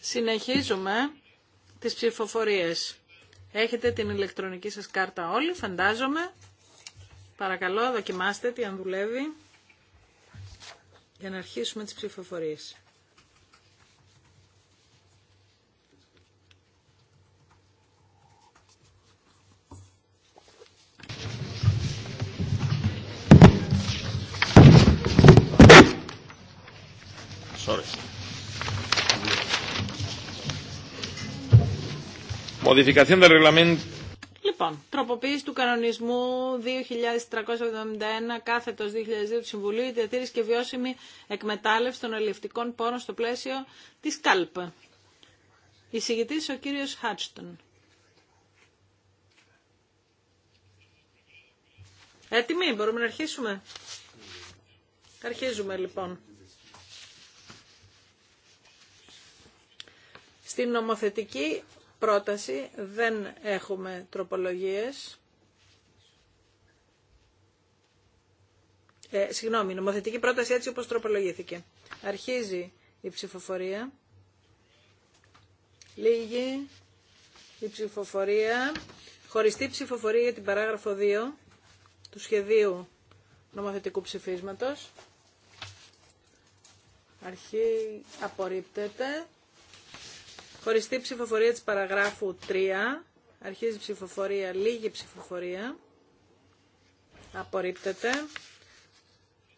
Συνεχίζουμε τις ψηφοφορίες. Έχετε την ηλεκτρονική σας κάρτα όλοι, φαντάζομαι. Παρακαλώ, δοκιμάστε τι αν δουλεύει για να αρχίσουμε τις ψηφοφορίες. Λοιπόν, τροποποίηση του κανονισμού 2371 κάθετος 2002 του Συμβουλίου Διατήρηση και βιώσιμη εκμετάλλευση των αλληλευτικών πόρων στο πλαίσιο της ΚΑΛΠ. Εισηγητής ο κύριος Χάτστον. Έτοιμοι, μπορούμε να αρχίσουμε. Αρχίζουμε λοιπόν. Στην νομοθετική πρόταση δεν έχουμε τροπολογίες. Ε, συγγνώμη, νομοθετική πρόταση έτσι όπως τροπολογήθηκε. Αρχίζει η ψηφοφορία. Λίγη η ψηφοφορία. Χωριστή ψηφοφορία για την παράγραφο 2 του σχεδίου νομοθετικού ψηφίσματος. Αρχή απορρίπτεται. Χωριστή ψηφοφορία της παραγράφου 3. Αρχίζει ψηφοφορία, λίγη ψηφοφορία. Απορρίπτεται.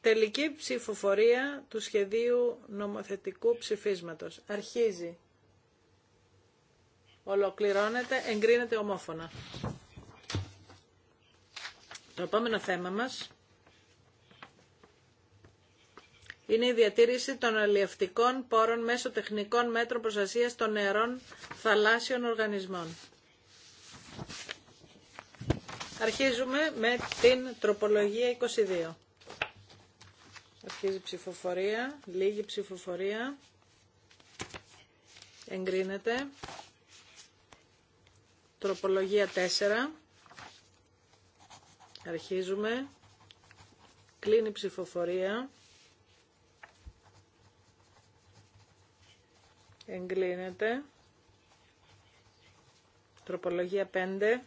Τελική ψηφοφορία του σχεδίου νομοθετικού ψηφίσματος. Αρχίζει. Ολοκληρώνεται, εγκρίνεται ομόφωνα. Το επόμενο θέμα μας είναι η διατήρηση των αλλιευτικών πόρων μέσω τεχνικών μέτρων προστασίας των νερών θαλάσσιων οργανισμών. Αρχίζουμε με την τροπολογία 22. Αρχίζει ψηφοφορία, λίγη ψηφοφορία. Εγκρίνεται. Τροπολογία 4. Αρχίζουμε. Κλείνει ψηφοφορία. Εγκλίνεται. Τροπολογία 5.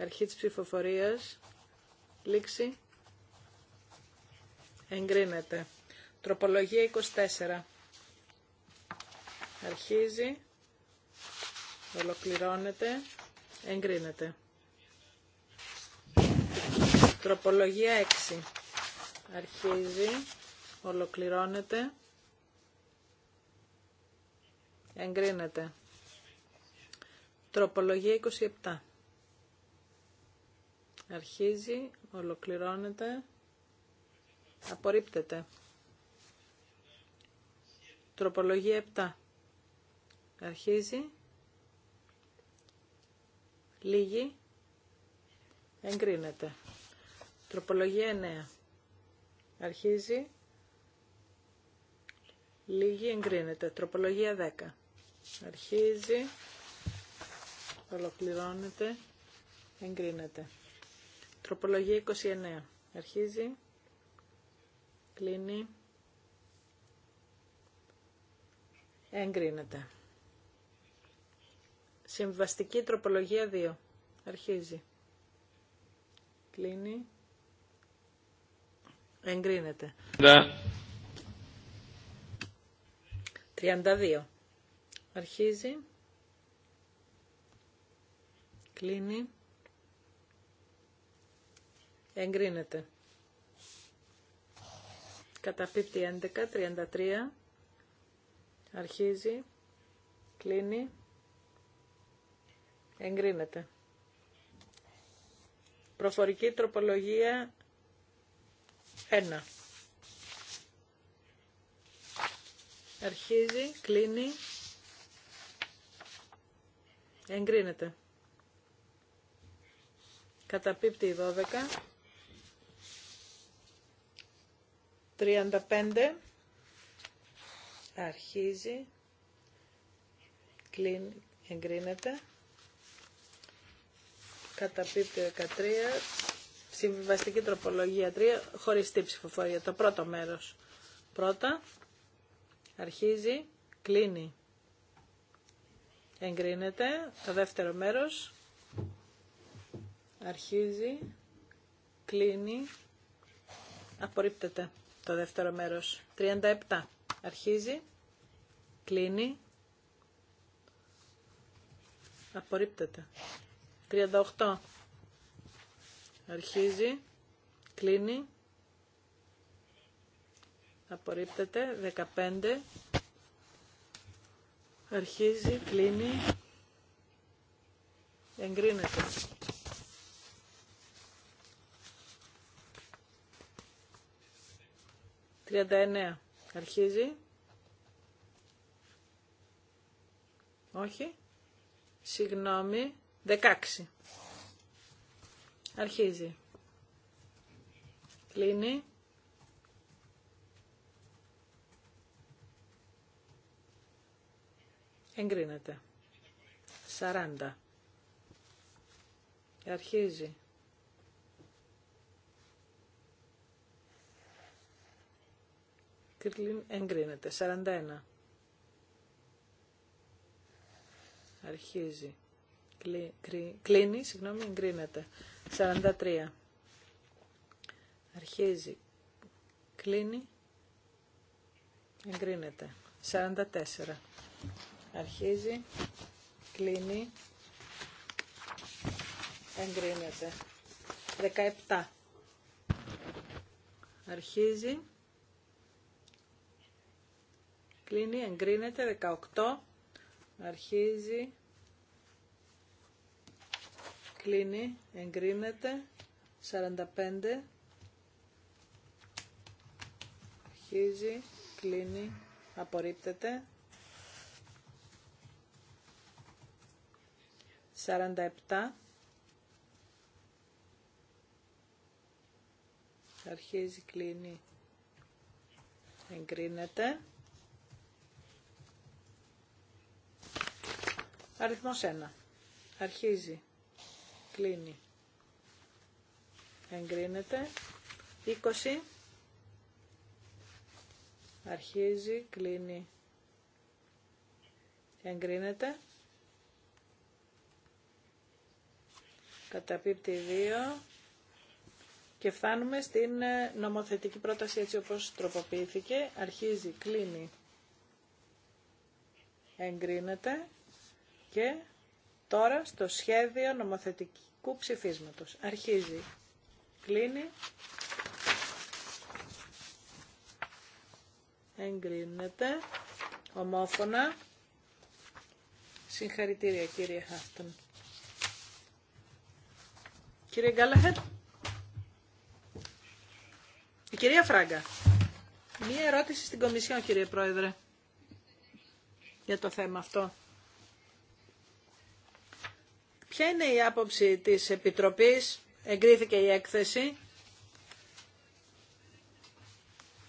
Αρχή της ψηφοφορίας. Λήξη. Εγκρίνεται. Τροπολογία 24. Αρχίζει. Ολοκληρώνεται. Εγκρίνεται. Τροπολογία 6. Αρχίζει. Ολοκληρώνεται. Εγκρίνεται. Τροπολογία 27. Αρχίζει, ολοκληρώνεται, απορρίπτεται. Τροπολογία 7. Αρχίζει, λίγη, εγκρίνεται. Τροπολογία 9. Αρχίζει, λίγη, εγκρίνεται. Τροπολογία 10. Αρχίζει. Ολοκληρώνεται. Εγκρίνεται. Τροπολογία 29. Αρχίζει. Κλείνει. Εγκρίνεται. Συμβαστική τροπολογία 2. Αρχίζει. Κλείνει. Εγκρίνεται. 32. Ναι. Αρχίζει. Κλείνει. Εγκρίνεται. Καταπίπτει 11, 33. Αρχίζει. Κλείνει. Εγκρίνεται. Προφορική τροπολογία 1. Αρχίζει, κλείνει, Εγκρίνεται. Καταπίπτει η 12. 35. Αρχίζει. Κλείνει. Εγκρίνεται. Καταπίπτει 13. Συμβιβαστική τροπολογία 3. Χωριστή ψηφοφορία. Το πρώτο μέρος. Πρώτα. Αρχίζει. Κλείνει εγκρίνεται. Το δεύτερο μέρος αρχίζει, κλείνει, απορρίπτεται το δεύτερο μέρος. 37 αρχίζει, κλείνει, απορρίπτεται. 38 αρχίζει, κλείνει, απορρίπτεται. 15 Αρχίζει, κλείνει. Εγκρίνεται. Τριάντα εννέα. Αρχίζει. Όχι. Συγγνώμη. Δεκάξι. Αρχίζει. Κλείνει. Εγκρίνεται. 40. Αρχίζει. Κρίλιν εγκρίνεται. 41. Αρχίζει. κλείνει, συγγνώμη, εγκρίνεται. 43. Αρχίζει. Κλείνει. Εγκρίνεται. 44. Αρχίζει. Κλείνει. Εγκρίνεται. 17. Αρχίζει. Κλείνει. Εγκρίνεται. 18. Αρχίζει. Κλείνει. Εγκρίνεται. 45. Αρχίζει. Κλείνει. Απορρίπτεται. 47. Αρχίζει, κλείνει. Εγκρίνεται. Αριθμός ένα, Αρχίζει. Κλείνει. Εγκρίνεται. 20. Αρχίζει. Κλείνει. Εγκρίνεται. πίπτη 2. Και φτάνουμε στην ε, νομοθετική πρόταση έτσι όπως τροποποιήθηκε. Αρχίζει, κλείνει, εγκρίνεται και τώρα στο σχέδιο νομοθετικού ψηφίσματος. Αρχίζει, κλείνει, εγκρίνεται, ομόφωνα. Συγχαρητήρια κύριε Χάφτον. Κύριε Γκάλαχερ. Η κυρία Φράγκα. Μία ερώτηση στην Κομισιόν, κύριε Πρόεδρε, για το θέμα αυτό. Ποια είναι η άποψη της Επιτροπής, εγκρίθηκε η έκθεση,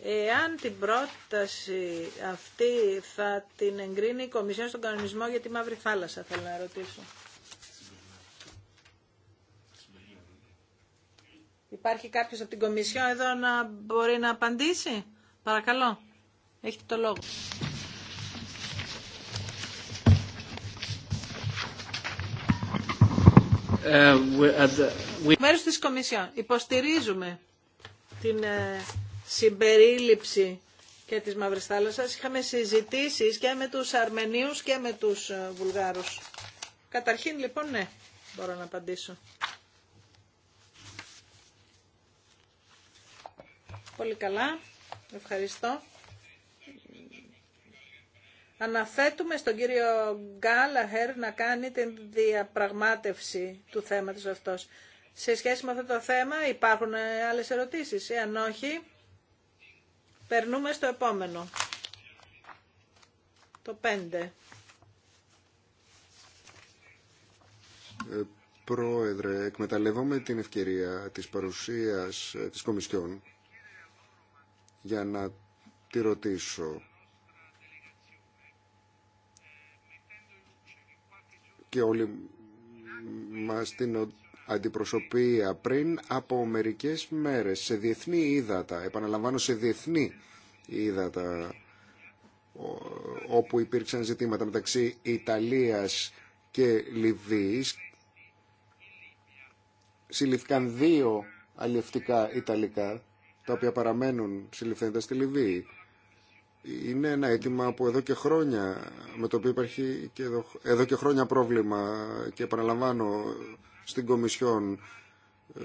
εάν την πρόταση αυτή θα την εγκρίνει η Κομισιόν στον κανονισμό για τη Μαύρη Θάλασσα, θέλω να ρωτήσω. Υπάρχει κάποιος από την Κομισιόν εδώ να μπορεί να απαντήσει. Παρακαλώ. Έχετε το λόγο. Ε, uh, Μέρος της Κομισιόν. Υποστηρίζουμε την ε, συμπερίληψη και της Μαύρης Θάλασσας. Είχαμε συζητήσεις και με τους Αρμενίους και με τους ε, Βουλγάρους. Καταρχήν λοιπόν ναι, μπορώ να απαντήσω. Πολύ καλά. Ευχαριστώ. Αναθέτουμε στον κύριο Γκάλαχερ να κάνει την διαπραγμάτευση του θέματος αυτός. Σε σχέση με αυτό το θέμα υπάρχουν άλλες ερωτήσεις. Εάν όχι, περνούμε στο επόμενο. Το 5. Ε, πρόεδρε, εκμεταλλεύομαι την ευκαιρία της παρουσίας ε, της Κομισιόν για να τη ρωτήσω. Και όλοι μας την αντιπροσωπεία πριν από μερικές μέρες σε διεθνή ύδατα, επαναλαμβάνω σε διεθνή ύδατα, όπου υπήρξαν ζητήματα μεταξύ Ιταλίας και Λιβύης. Συλληφθήκαν δύο αλληλευτικά Ιταλικά τα οποία παραμένουν συλληφθέντα στη Λιβύη. Είναι ένα αίτημα που εδώ και χρόνια, με το οποίο υπάρχει και εδώ, εδώ και χρόνια πρόβλημα και επαναλαμβάνω στην Κομισιόν, ε,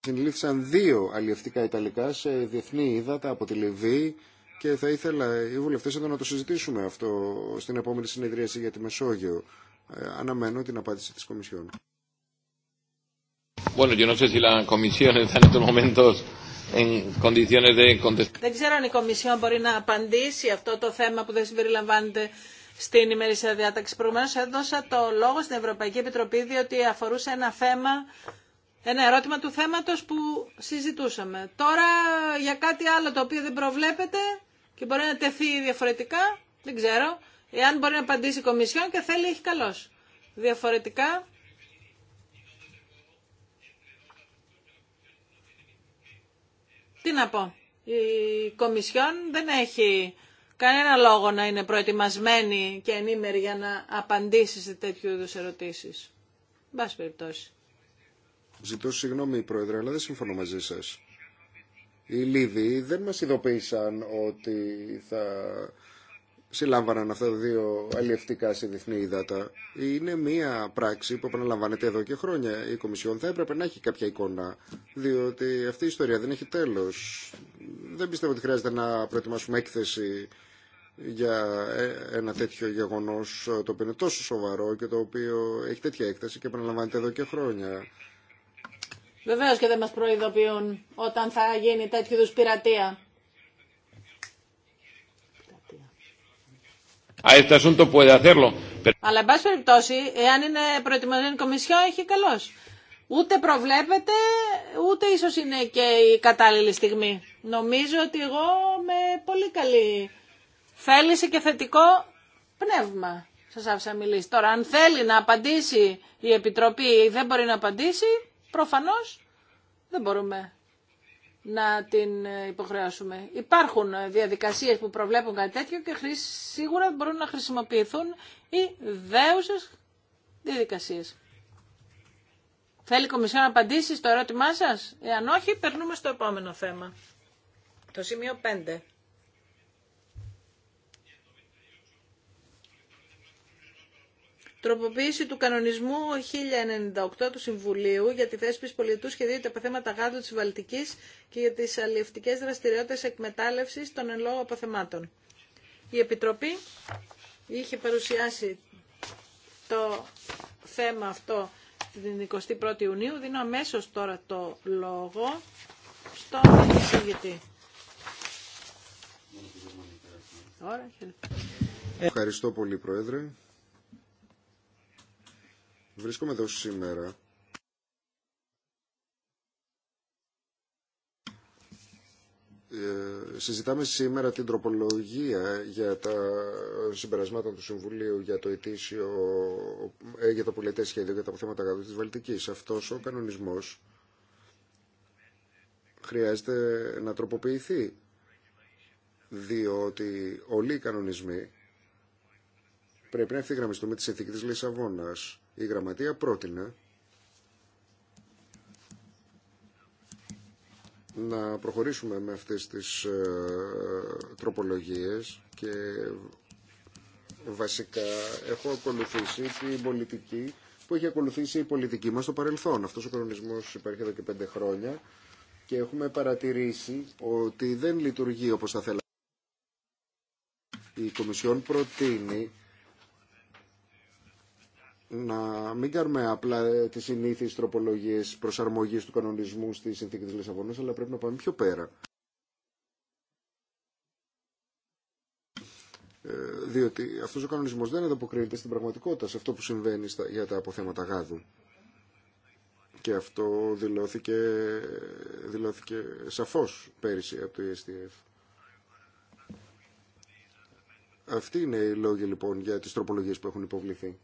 συνλήφθησαν δύο αλλιευτικά Ιταλικά σε διεθνή ύδατα από τη Λιβύη και θα ήθελα οι βουλευτές εδώ να το συζητήσουμε αυτό στην επόμενη συνεδρίαση για τη Μεσόγειο. Ε, αναμένω την απάντηση της Κομισιόν. Δεν ξέρω αν η Κομισιόν μπορεί να απαντήσει αυτό το θέμα που δεν συμπεριλαμβάνεται στην ημερήσια διάταξη. Προηγουμένως έδωσα το λόγο στην Ευρωπαϊκή Επιτροπή διότι αφορούσε ένα θέμα, ένα ερώτημα του θέματος που συζητούσαμε. Τώρα για κάτι άλλο το οποίο δεν προβλέπεται και μπορεί να τεθεί διαφορετικά, δεν ξέρω. Εάν μπορεί να απαντήσει η Κομισιόν και θέλει, έχει καλώς. Διαφορετικά, Τι να πω, η Κομισιόν δεν έχει κανένα λόγο να είναι προετοιμασμένη και ενήμερη για να απαντήσει σε τέτοιου είδους ερωτήσεις. Μπας περιπτώσει. Ζητώ συγγνώμη, Πρόεδρε, αλλά δεν συμφωνώ μαζί σα. Οι Λίβοι δεν μας ειδοποίησαν ότι θα συλλάμβαναν αυτά τα δύο αλλιευτικά σε διεθνή υδάτα. Είναι μία πράξη που επαναλαμβάνεται εδώ και χρόνια. Η Κομισιόν θα έπρεπε να έχει κάποια εικόνα, διότι αυτή η ιστορία δεν έχει τέλος. Δεν πιστεύω ότι χρειάζεται να προετοιμάσουμε έκθεση για ε, ένα τέτοιο γεγονός το οποίο είναι τόσο σοβαρό και το οποίο έχει τέτοια έκθεση και επαναλαμβάνεται εδώ και χρόνια. Βεβαίω και δεν μας προειδοποιούν όταν θα γίνει τέτοιου είδου πειρατεία. Αλλά, εν πάση περιπτώσει, εάν είναι προετοιμασμένη η Κομισιό, έχει καλώ. Ούτε προβλέπεται, ούτε ίσω είναι και η κατάλληλη στιγμή. Νομίζω ότι εγώ με πολύ καλή θέληση και θετικό πνεύμα Σα άφησα μιλήσει. Τώρα, αν θέλει να απαντήσει η Επιτροπή ή δεν μπορεί να απαντήσει, προφανώ δεν μπορούμε να την υποχρεώσουμε. Υπάρχουν διαδικασίες που προβλέπουν κάτι τέτοιο και σίγουρα μπορούν να χρησιμοποιηθούν οι δέουσες διαδικασίες. Θέλει η Κομισιόν να απαντήσει στο ερώτημά σας? Εάν όχι, περνούμε στο επόμενο θέμα. Το σημείο 5. τροποποίηση του κανονισμού 1098 του Συμβουλίου για τη θέσπιση πολιτού σχεδίου τα αποθέματα γάδου της Βαλτικής και για τις αλληλευτικέ δραστηριότητες εκμετάλλευσης των εν λόγω αποθεμάτων. Η Επιτροπή είχε παρουσιάσει το θέμα αυτό την 21η Ιουνίου. Δίνω αμέσω τώρα το λόγο στον εισηγητή. Ευχαριστώ πολύ, Πρόεδρε. Βρίσκομαι εδώ σήμερα ε, συζητάμε σήμερα την τροπολογία για τα συμπερασμάτα του Συμβουλίου για το ετήσιο, ε, για το πολιτέ σχέδιο για τα θέματα γάδου της Βαλτικής. Αυτός ο κανονισμός χρειάζεται να τροποποιηθεί διότι όλοι οι κανονισμοί πρέπει να ευθυγραμμιστούν με τη συνθήκη της Λισαβόνας η Γραμματεία πρότεινε να προχωρήσουμε με αυτές τις ε, τροπολογίες και βασικά έχω ακολουθήσει την πολιτική που έχει ακολουθήσει η πολιτική μας στο παρελθόν. Αυτός ο κανονισμός υπάρχει εδώ και πέντε χρόνια και έχουμε παρατηρήσει ότι δεν λειτουργεί όπως θα θέλαμε. Η Κομισιόν προτείνει να μην κάνουμε απλά ε, τις συνήθειες τροπολογίες προσαρμογής του κανονισμού στη συνθήκη της Λισαβόνας, αλλά πρέπει να πάμε πιο πέρα. Ε, διότι αυτός ο κανονισμός δεν ανταποκρίνεται στην πραγματικότητα, σε αυτό που συμβαίνει για τα αποθέματα γάδου. Και αυτό δηλώθηκε, δηλώθηκε σαφώς πέρυσι από το ESTF. Αυτοί είναι οι λόγοι λοιπόν για τις τροπολογίες που έχουν υποβληθεί.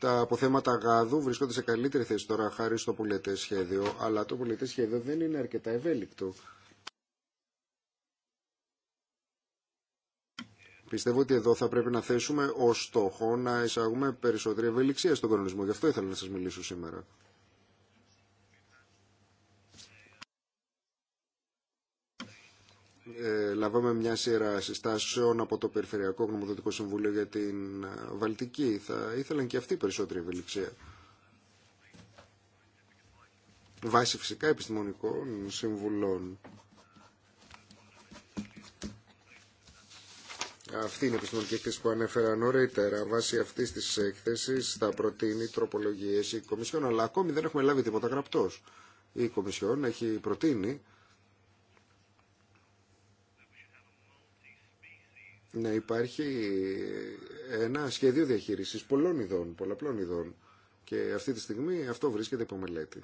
τα αποθέματα γάδου βρίσκονται σε καλύτερη θέση τώρα χάρη στο πολιτέ σχέδιο, αλλά το πολιτέ σχέδιο δεν είναι αρκετά ευέλικτο. Πιστεύω ότι εδώ θα πρέπει να θέσουμε ως στόχο να εισάγουμε περισσότερη ευελιξία στον κανονισμό. Γι' αυτό ήθελα να σας μιλήσω σήμερα. Ε, λάβαμε μια σειρά συστάσεων από το Περιφερειακό Γνωμοδοτικό Συμβούλιο για την ε, Βαλτική. Θα ήθελαν και αυτοί περισσότερη ευελιξία. Βάσει φυσικά επιστημονικών συμβουλών. Αυτή είναι η επιστημονική εκθέση που ανέφερα νωρίτερα. Βάσει αυτή τη εκθέση θα προτείνει τροπολογίε η Κομισιόν, αλλά ακόμη δεν έχουμε λάβει τίποτα γραπτό. Η Κομισιόν έχει προτείνει να υπάρχει ένα σχέδιο διαχείρισης πολλών ειδών, πολλαπλών ειδών και αυτή τη στιγμή αυτό βρίσκεται υπό μελέτη.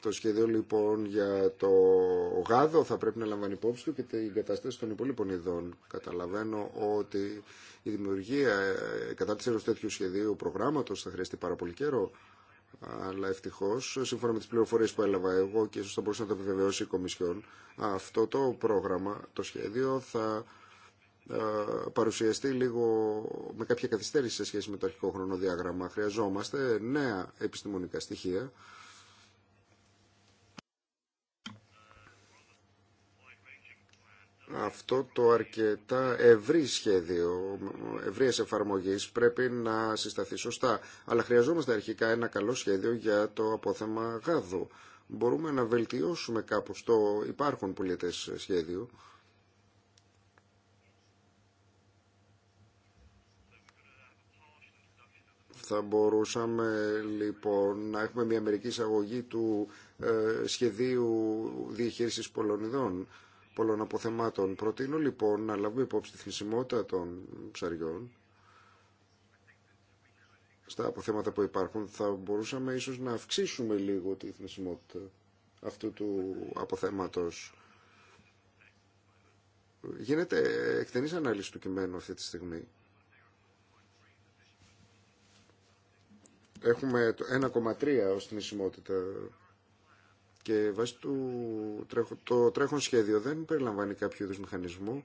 Το σχέδιο λοιπόν για το γάδο θα πρέπει να λαμβάνει υπόψη του και την κατάσταση των υπόλοιπων ειδών. Καταλαβαίνω ότι η δημιουργία ε, κατά τη τέτοιου σχεδίου προγράμματος θα χρειαστεί πάρα πολύ καιρό αλλά ευτυχώ, σύμφωνα με τι πληροφορίε που έλαβα εγώ και ίσω θα μπορούσε να το επιβεβαιώσει η Κομισιόν, αυτό το πρόγραμμα, το σχέδιο θα ε, παρουσιαστεί λίγο με κάποια καθυστέρηση σε σχέση με το αρχικό χρονοδιάγραμμα. Χρειαζόμαστε νέα επιστημονικά στοιχεία αυτό το αρκετά ευρύ σχέδιο ευρύες εφαρμογής πρέπει να συσταθεί σωστά. Αλλά χρειαζόμαστε αρχικά ένα καλό σχέδιο για το απόθεμα γάδου. Μπορούμε να βελτιώσουμε κάπως το υπάρχον πολιτές σχέδιο. Θα μπορούσαμε λοιπόν να έχουμε μια μερική εισαγωγή του ε, σχεδίου διαχείρισης πολωνιδών πολλών αποθεμάτων. Προτείνω λοιπόν να λάβουμε υπόψη τη θνησιμότητα των ψαριών στα αποθέματα που υπάρχουν. Θα μπορούσαμε ίσως να αυξήσουμε λίγο τη θνησιμότητα αυτού του αποθέματος. Γίνεται εκτενής ανάλυση του κειμένου αυτή τη στιγμή. Έχουμε 1,3 ως θνησιμότητα και βάσει του το τρέχον σχέδιο δεν περιλαμβάνει κάποιο είδου μηχανισμό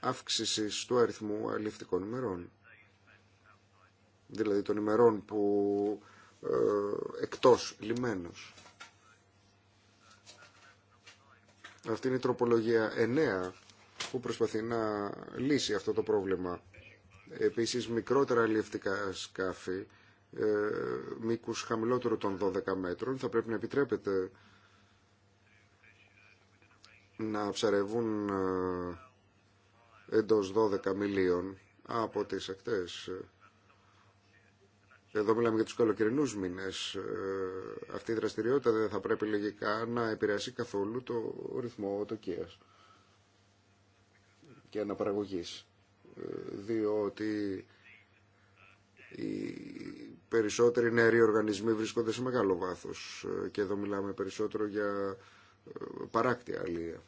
αύξηση του αριθμού αλληλευτικών ημερών. Δηλαδή των ημερών που ε, εκτός λιμένος. Αυτή είναι η τροπολογία 9 που προσπαθεί να λύσει αυτό το πρόβλημα. Επίσης μικρότερα αλληλευτικά σκάφη ε, μήκους χαμηλότερο των 12 μέτρων. Θα πρέπει να επιτρέπεται να ψαρεύουν ε, εντός 12 μιλίων από τις ακτές. Εδώ μιλάμε για τους καλοκαιρινούς μήνες. Ε, αυτή η δραστηριότητα δεν θα πρέπει λογικά να επηρεάσει καθόλου το ρυθμό τοκίας και αναπαραγωγής. Διότι περισσότεροι νεαροί οργανισμοί βρίσκονται σε μεγάλο βάθος ε, και εδώ μιλάμε περισσότερο για ε, παράκτια αλληλεία.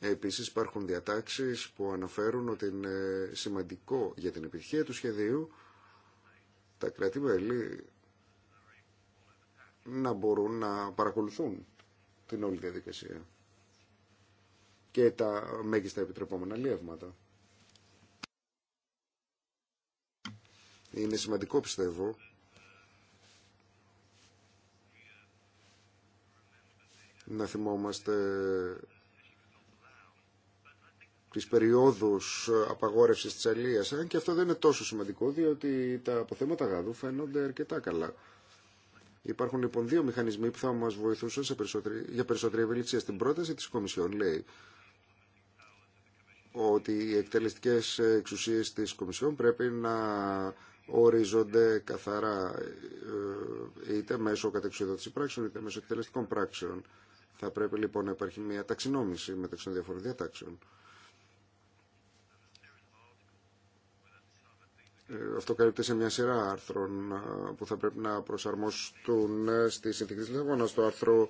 Επίσης υπάρχουν διατάξεις που αναφέρουν ότι είναι σημαντικό για την επιτυχία του σχεδίου τα κράτη-μέλη να μπορούν να παρακολουθούν την όλη διαδικασία και τα μέγιστα επιτρεπόμενα λίευματα. Είναι σημαντικό πιστεύω να θυμόμαστε τις περιόδους απαγόρευσης της αλίας. Αν και αυτό δεν είναι τόσο σημαντικό, διότι τα αποθέματα γάδου φαίνονται αρκετά καλά. Υπάρχουν λοιπόν δύο μηχανισμοί που θα μας βοηθούσαν σε για περισσότερη ευελιξία. Στην πρόταση της Κομισιόν λέει ότι οι εκτελεστικές εξουσίες της Κομισιόν πρέπει να ορίζονται καθαρά ε, είτε μέσω κατεξοδότηση πράξεων είτε μέσω εκτελεστικών πράξεων. Θα πρέπει λοιπόν να υπάρχει μια ταξινόμηση μεταξύ των διαφορετικών διατάξεων. Ε, αυτό καλύπτει σε μια σειρά άρθρων ε, που θα πρέπει να προσαρμοστούν στη συνθήκη της Λεβόνας. Το άρθρο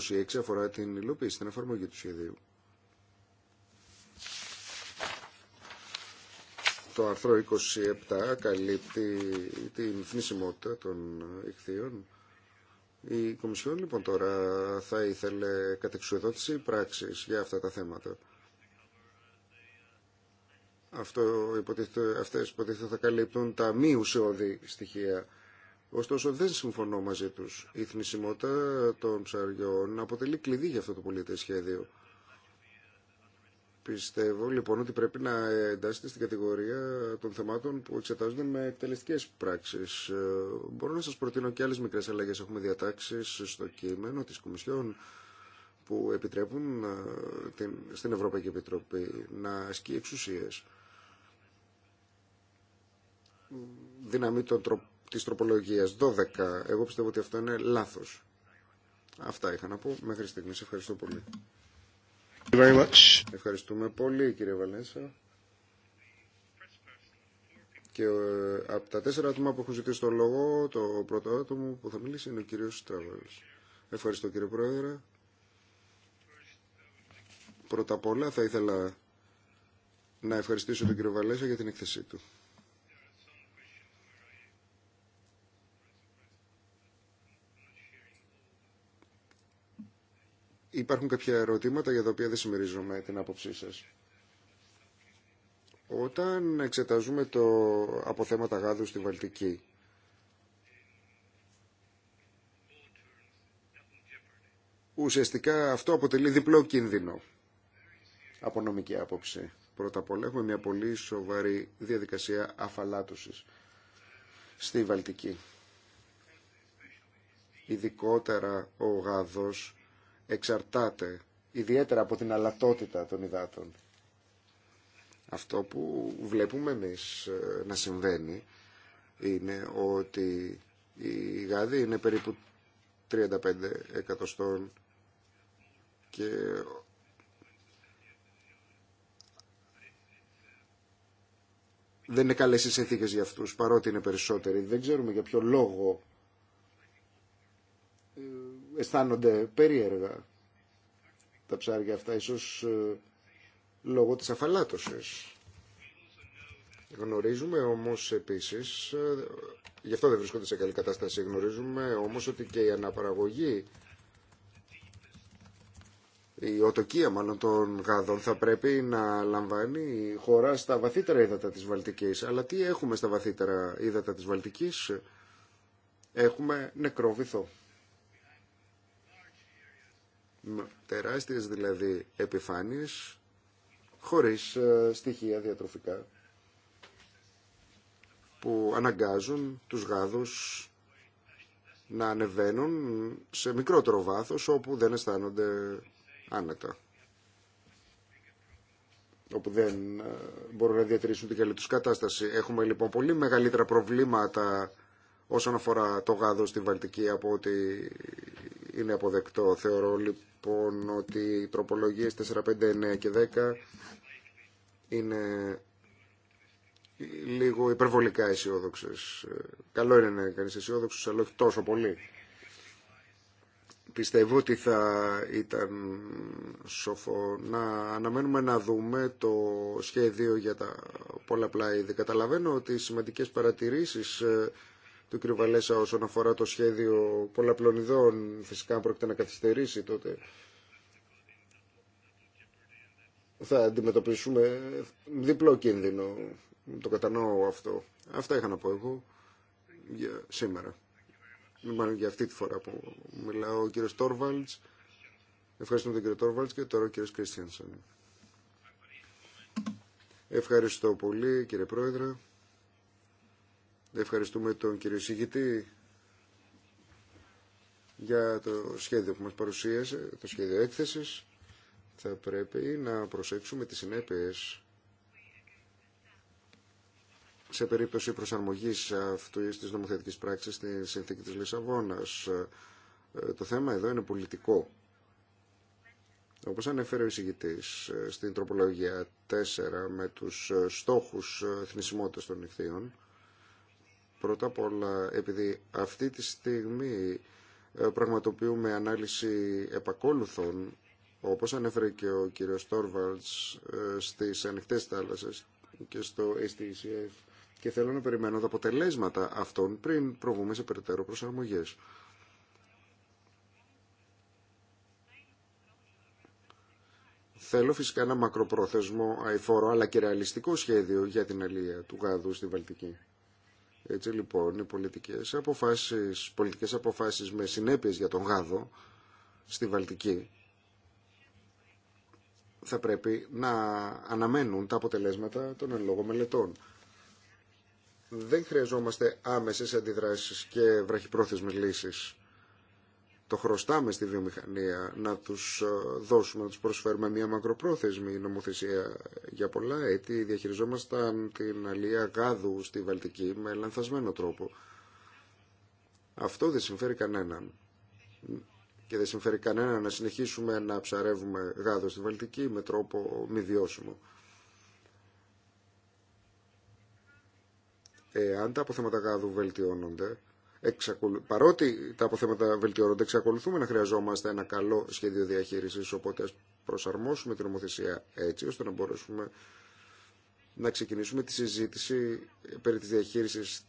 26 αφορά την υλοποίηση, την εφαρμογή του σχεδίου. Το άρθρο 27 καλύπτει την θνησιμότητα των ηχθείων. Η Κομισιόν λοιπόν τώρα θα ήθελε κατεξουδότηση πράξης για αυτά τα θέματα. Αυτό υποτίθεται, αυτές υποτίθεται θα καλύπτουν τα μη ουσιώδη στοιχεία. Ωστόσο δεν συμφωνώ μαζί τους. Η θνησιμότητα των ψαριών αποτελεί κλειδί για αυτό το πολιτικό σχέδιο. Πιστεύω λοιπόν ότι πρέπει να εντάσσεται στην κατηγορία των θεμάτων που εξετάζονται με εκτελεστικέ πράξει. Ε, μπορώ να σα προτείνω και άλλε μικρέ αλλαγέ. Έχουμε διατάξει στο κείμενο τη Κομισιόν που επιτρέπουν ε, στην Ευρωπαϊκή Επιτροπή να ασκεί εξουσίε δύναμη της τροπολογίας 12. Εγώ πιστεύω ότι αυτό είναι λάθος. Αυτά είχα να πω μέχρι στιγμής. Ευχαριστώ πολύ. Ευχαριστούμε πολύ κύριε Βαλένσα. Και ε, από τα τέσσερα άτομα που έχουν ζητήσει το λόγο, το πρώτο άτομο που θα μιλήσει είναι ο κύριος Στραβέλος. Ευχαριστώ κύριε Πρόεδρε. Πρώτα απ' όλα θα ήθελα να ευχαριστήσω τον κύριο Βαλέσα για την εκθεσή του. Υπάρχουν κάποια ερωτήματα για τα οποία δεν συμμερίζομαι την άποψή σας. Όταν εξεταζούμε το αποθέματα γάδου στη Βαλτική, ουσιαστικά αυτό αποτελεί διπλό κίνδυνο από νομική άποψη. Πρώτα απ' όλα έχουμε μια πολύ σοβαρή διαδικασία αφαλάτωσης στη Βαλτική. Ειδικότερα ο γάδος εξαρτάται ιδιαίτερα από την αλατότητα των υδάτων. Αυτό που βλέπουμε εμείς ε, να συμβαίνει είναι ότι η γάδη είναι περίπου 35 εκατοστών και δεν είναι καλές οι συνθήκες για αυτούς παρότι είναι περισσότεροι. Δεν ξέρουμε για ποιο λόγο αισθάνονται περίεργα τα ψάρια αυτά, ίσως ε, λόγω της αφαλάτωσης. Γνωρίζουμε όμως επίσης, ε, γι' αυτό δεν βρίσκονται σε καλή κατάσταση, γνωρίζουμε όμως ότι και η αναπαραγωγή, η οτοκία μάλλον των γάδων θα πρέπει να λαμβάνει χώρα στα βαθύτερα ύδατα της Βαλτικής. Αλλά τι έχουμε στα βαθύτερα ύδατα της Βαλτικής, έχουμε νεκρό βυθό τεράστιες δηλαδή επιφάνειες χωρίς ε, στοιχεία διατροφικά που αναγκάζουν τους γάδους να ανεβαίνουν σε μικρότερο βάθος όπου δεν αισθάνονται άνετα. Όπου δεν ε, μπορούν να διατηρήσουν την καλή τους κατάσταση. Έχουμε λοιπόν πολύ μεγαλύτερα προβλήματα όσον αφορά το γάδο στη Βαλτική από ότι είναι αποδεκτό. Θεωρώ λοιπόν ότι οι τροπολογίες 4, 5, 9 και 10 είναι λίγο υπερβολικά αισιόδοξε. Ε, καλό είναι να είναι κανείς αισιόδοξος, αλλά όχι τόσο πολύ. Πιστεύω ότι θα ήταν σοφό να αναμένουμε να δούμε το σχέδιο για τα πολλαπλά είδη. Καταλαβαίνω ότι οι σημαντικές παρατηρήσεις ε, του κ. Βαλέσα όσον αφορά το σχέδιο πολλαπλών ειδών. Φυσικά πρόκειται να καθυστερήσει τότε. Θα αντιμετωπίσουμε διπλό κίνδυνο. Το κατανοώ αυτό. Αυτά είχα να πω εγώ για σήμερα. Μάλλον για αυτή τη φορά που μιλάω ο κύριος Τόρβαλτς. Ευχαριστούμε τον κύριο Τόρβαλτς και τώρα ο κ. Κρίστιανσον. Ευχαριστώ πολύ κύριε Πρόεδρε. Ευχαριστούμε τον κύριο Σιγητή για το σχέδιο που μας παρουσίασε, το σχέδιο έκθεσης. Θα πρέπει να προσέξουμε τις συνέπειες σε περίπτωση προσαρμογής αυτής της νομοθετικής πράξης στη συνθήκη της Λισαβόνας. Ε, το θέμα εδώ είναι πολιτικό. Όπως ανέφερε ο εισηγητής ε, στην τροπολογία 4 με τους ε, στόχους θνησιμότητας των νυχθείων, Πρώτα απ' όλα, επειδή αυτή τη στιγμή ε, πραγματοποιούμε ανάλυση επακόλουθων, όπως ανέφερε και ο κύριος Τόρβαλτς ε, στις ανοιχτές θάλασσες και στο STCF, και θέλω να περιμένω τα αποτελέσματα αυτών πριν προβούμε σε περαιτέρω προσαρμογές. Θέλω φυσικά ένα μακροπρόθεσμο αηφόρο αλλά και ρεαλιστικό σχέδιο για την αλία του γάδου στη Βαλτική. Έτσι λοιπόν οι πολιτικές αποφάσεις, πολιτικές αποφάσεις με συνέπειες για τον γάδο στη Βαλτική θα πρέπει να αναμένουν τα αποτελέσματα των εν λόγω μελετών. Δεν χρειαζόμαστε άμεσες αντιδράσεις και βραχυπρόθεσμες λύσεις το χρωστάμε στη βιομηχανία να τους ε, δώσουμε, να τους προσφέρουμε μια μακροπρόθεσμη νομοθεσία για πολλά έτη. Διαχειριζόμασταν την αλία γάδου στη Βαλτική με λανθασμένο τρόπο. Αυτό δεν συμφέρει κανέναν. Και δεν συμφέρει κανέναν να συνεχίσουμε να ψαρεύουμε γάδο στη Βαλτική με τρόπο μη βιώσιμο. Εάν τα αποθέματα γάδου βελτιώνονται, Εξακολου... Παρότι τα αποθέματα βελτιώνονται, εξακολουθούμε να χρειαζόμαστε ένα καλό σχέδιο διαχείριση. Οπότε ας προσαρμόσουμε την νομοθεσία έτσι ώστε να μπορέσουμε να ξεκινήσουμε τη συζήτηση περί της διαχείρισης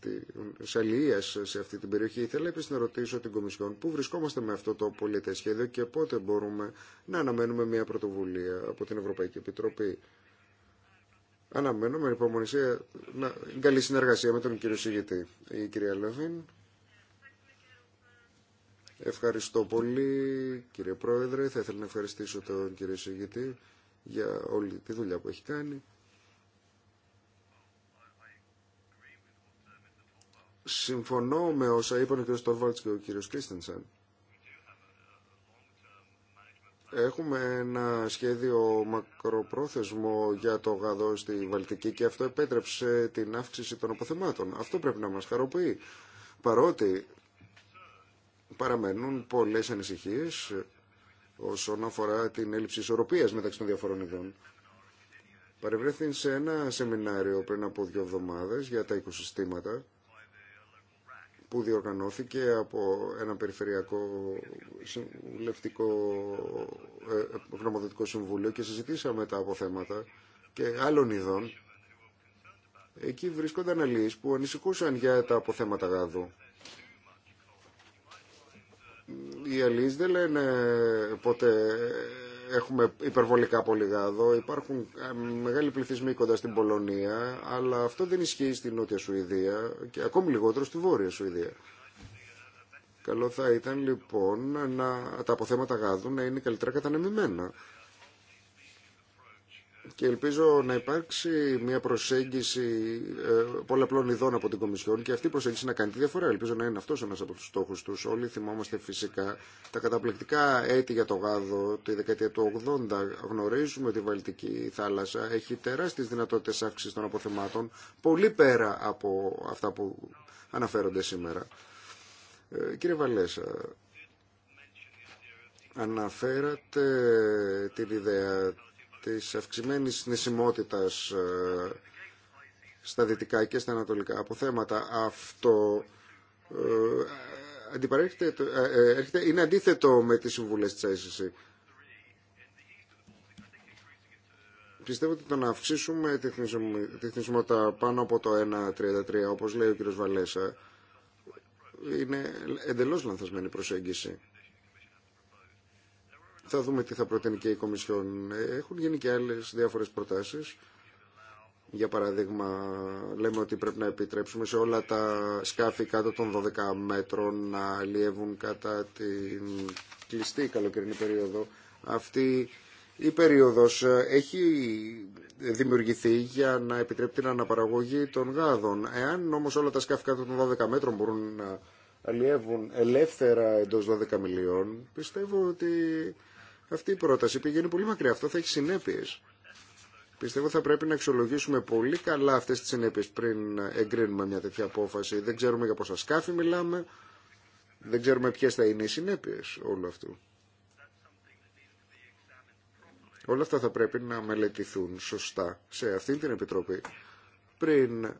της αλληλεία σε αυτή την περιοχή. Ήθελα επίση να ρωτήσω την Κομισιόν πού βρισκόμαστε με αυτό το πολιτικό σχέδιο και πότε μπορούμε να αναμένουμε μια πρωτοβουλία από την Ευρωπαϊκή Επιτροπή. Αναμένουμε με λοιπόν, υπομονησία να... καλή συνεργασία με τον κύριο Σιγητή. Η κυρία Λεβίν. Ευχαριστώ πολύ κύριε Πρόεδρε. Θα ήθελα να ευχαριστήσω τον κύριο Συγητή για όλη τη δουλειά που έχει κάνει. Συμφωνώ με όσα είπαν ο κύριος Τόρβαλτς και ο κύριος Κρίστινσαν. Έχουμε ένα σχέδιο μακροπρόθεσμο για το γαδό στη Βαλτική και αυτό επέτρεψε την αύξηση των αποθεμάτων. Αυτό πρέπει να μας χαροποιεί. Παρότι παραμένουν πολλές ανησυχίες όσον αφορά την έλλειψη ισορροπίας μεταξύ των διαφορών ειδών. Παρευρέθη σε ένα σεμινάριο πριν από δύο εβδομάδες για τα οικοσυστήματα που διοργανώθηκε από ένα περιφερειακό συμβουλευτικό ε, γνωμοδοτικό συμβούλιο και συζητήσαμε τα αποθέματα και άλλων ειδών. Εκεί βρίσκονταν αλληλείς που ανησυχούσαν για τα αποθέματα γάδου οι Ελλείς δεν λένε ποτέ έχουμε υπερβολικά πολύ γάδο. Υπάρχουν ε, μεγάλοι πληθυσμοί κοντά στην Πολωνία, αλλά αυτό δεν ισχύει στη Νότια Σουηδία και ακόμη λιγότερο στη Βόρεια Σουηδία. Καλό θα ήταν λοιπόν να, τα αποθέματα γάδου να είναι καλύτερα κατανεμημένα και ελπίζω να υπάρξει μια προσέγγιση ε, πολλαπλών ειδών από την Κομισιόν και αυτή η προσέγγιση να κάνει τη διαφορά. Ελπίζω να είναι αυτό ένα από του στόχου του. Όλοι θυμόμαστε φυσικά τα καταπληκτικά έτη για το γάδο τη δεκαετία του 80. Γνωρίζουμε ότι η Βαλτική θάλασσα έχει τεράστιε δυνατότητε αύξηση των αποθεμάτων, πολύ πέρα από αυτά που αναφέρονται σήμερα. Ε, κύριε Βαλέσσα, αναφέρατε την ιδέα της αυξημένης νησιμότητας ε, στα δυτικά και στα ανατολικά αποθέματα. Αυτό ε, ε, ε είναι αντίθετο με τις συμβουλές της ICC. Πιστεύω ότι το να αυξήσουμε τη θνησιμότητα πάνω από το 1,33 όπως λέει ο κ. Βαλέσα είναι εντελώς λανθασμένη προσέγγιση. Θα δούμε τι θα προτείνει και η Κομισιόν. Έχουν γίνει και άλλε διάφορε προτάσει. Για παράδειγμα, λέμε ότι πρέπει να επιτρέψουμε σε όλα τα σκάφη κάτω των 12 μέτρων να αλλιεύουν κατά την κλειστή καλοκαιρινή περίοδο. Αυτή η περίοδος έχει δημιουργηθεί για να επιτρέπει την αναπαραγωγή των γάδων. Εάν όμως όλα τα σκάφη κάτω των 12 μέτρων μπορούν να αλλιεύουν ελεύθερα εντός 12 μιλιών, πιστεύω ότι αυτή η πρόταση πηγαίνει πολύ μακριά. Αυτό θα έχει συνέπειε. Πιστεύω θα πρέπει να αξιολογήσουμε πολύ καλά αυτέ τι συνέπειε πριν εγκρίνουμε μια τέτοια απόφαση. Δεν ξέρουμε για πόσα σκάφη μιλάμε. Δεν ξέρουμε ποιε θα είναι οι συνέπειε όλου αυτού. Όλα αυτά θα πρέπει να μελετηθούν σωστά σε αυτή την Επιτροπή πριν ε,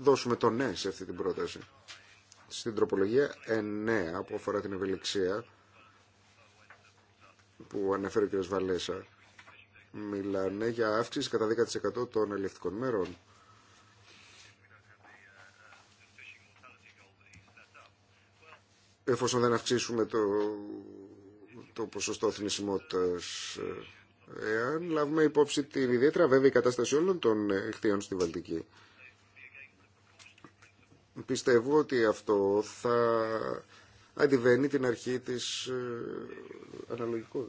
δώσουμε το ναι σε αυτή την πρόταση. Στην τροπολογία 9 που αφορά την ευελιξία που αναφέρει ο κ. Βαλέσα μιλάνε για αύξηση κατά 10% των ελευθερικών μέρων. Εφόσον δεν αυξήσουμε το, το ποσοστό θνησιμότητας, εάν λάβουμε υπόψη την ιδιαίτερα βέβαια κατάσταση όλων των εκτείων στη Βαλτική. Πιστεύω ότι αυτό θα αντιβαίνει την αρχή της, ε, ε,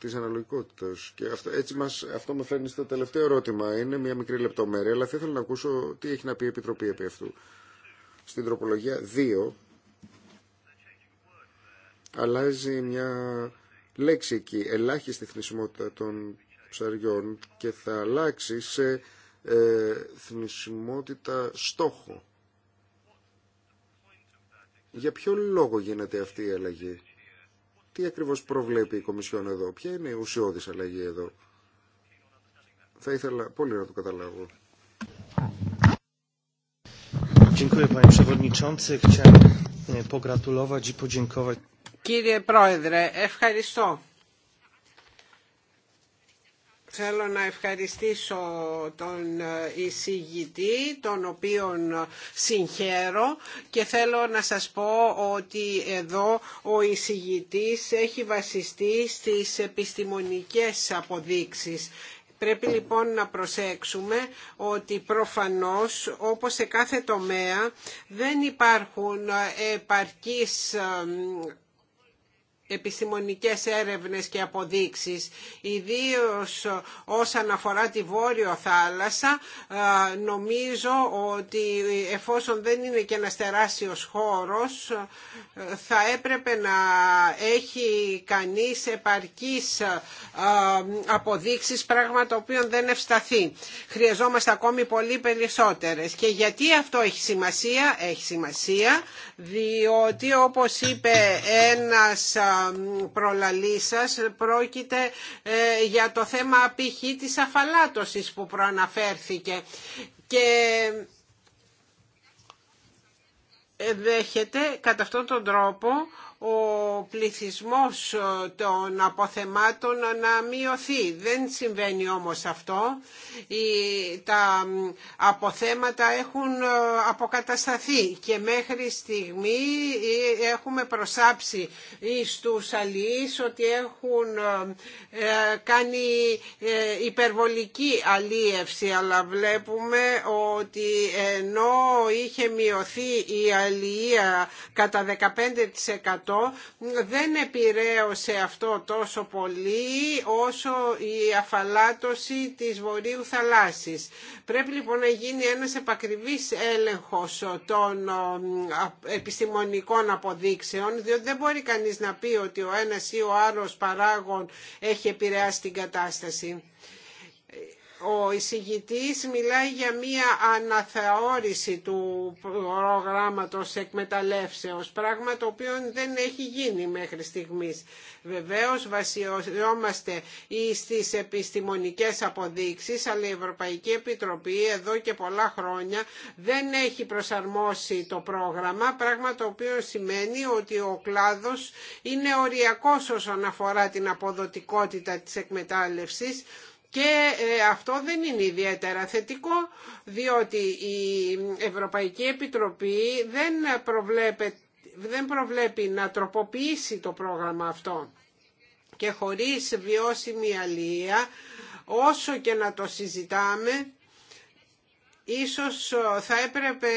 της αναλογικότητας. Και αυτό, έτσι μας, αυτό με φέρνει στο τελευταίο ερώτημα. Είναι μια μικρή λεπτομέρεια, αλλά θα ήθελα να ακούσω τι έχει να πει η Επιτροπή επί αυτού. Στην τροπολογία 2 αλλάζει μια λέξη εκεί, ελάχιστη θνησιμότητα των ψαριών και θα αλλάξει σε ε, θνησιμότητα στόχο. Για ποιο λόγο γίνεται αυτή η αλλαγή. Τι ακριβώς προβλέπει η Κομισιόν εδώ. Ποια είναι η ουσιώδης αλλαγή εδώ. Θα ήθελα πολύ να το καταλάβω. E, Κύριε Πρόεδρε, ευχαριστώ. Θέλω να ευχαριστήσω τον ε, εισηγητή, τον οποίον ε, συγχαίρω και θέλω να σας πω ότι εδώ ο εισηγητής έχει βασιστεί στις επιστημονικές αποδείξεις. Πρέπει λοιπόν να προσέξουμε ότι προφανώς όπως σε κάθε τομέα δεν υπάρχουν ε, επαρκείς επιστημονικές έρευνες και αποδείξεις, ιδίως όσον αφορά τη Βόρειο Θάλασσα, νομίζω ότι εφόσον δεν είναι και ένας τεράστιος χώρος, θα έπρεπε να έχει κανείς επαρκής αποδείξεις, πράγμα το οποίο δεν ευσταθεί. Χρειαζόμαστε ακόμη πολύ περισσότερες. Και γιατί αυτό έχει σημασία, έχει σημασία διότι όπως είπε ένας προλαλήσας πρόκειται ε, για το θέμα π.χ. της αφαλάτωσης που προαναφέρθηκε και δέχεται κατά αυτόν τον τρόπο ο πληθυσμός ε, των αποθεμάτων να μειωθεί. Δεν συμβαίνει όμως αυτό. Τα αποθέματα έχουν ε, αποκατασταθεί και μέχρι στιγμή ε, έχουμε προσάψει στους αλληλείς ότι έχουν κάνει υπερβολική αλίευση αλλά βλέπουμε ότι ενώ είχε μειωθεί η αλληλεία κατά 15% δεν επηρέωσε αυτό τόσο πολύ όσο η αφαλάτωση της βορείου θαλάσσης. Πρέπει λοιπόν να γίνει ένας επακριβής έλεγχος των επιστημονικών αποδείξεων διότι δεν μπορεί κανείς να πει ότι ο ένας ή ο άλλος παράγων έχει επηρεάσει την κατάσταση ο εισηγητής μιλάει για μία αναθεώρηση του προγράμματος εκμεταλλεύσεως, πράγμα το οποίο δεν έχει γίνει μέχρι στιγμής. Βεβαίως βασιζόμαστε στις επιστημονικές αποδείξεις, αλλά η Ευρωπαϊκή Επιτροπή εδώ και πολλά χρόνια δεν έχει προσαρμόσει το πρόγραμμα, πράγμα το οποίο σημαίνει ότι ο κλάδος είναι οριακός όσον αφορά την αποδοτικότητα της εκμετάλλευσης, και ε, αυτό δεν είναι ιδιαίτερα θετικό, διότι η Ευρωπαϊκή Επιτροπή δεν, δεν προβλέπει να τροποποιήσει το πρόγραμμα αυτό. Και χωρίς βιώσιμη αλία, όσο και να το συζητάμε, Ίσως ε, θα έπρεπε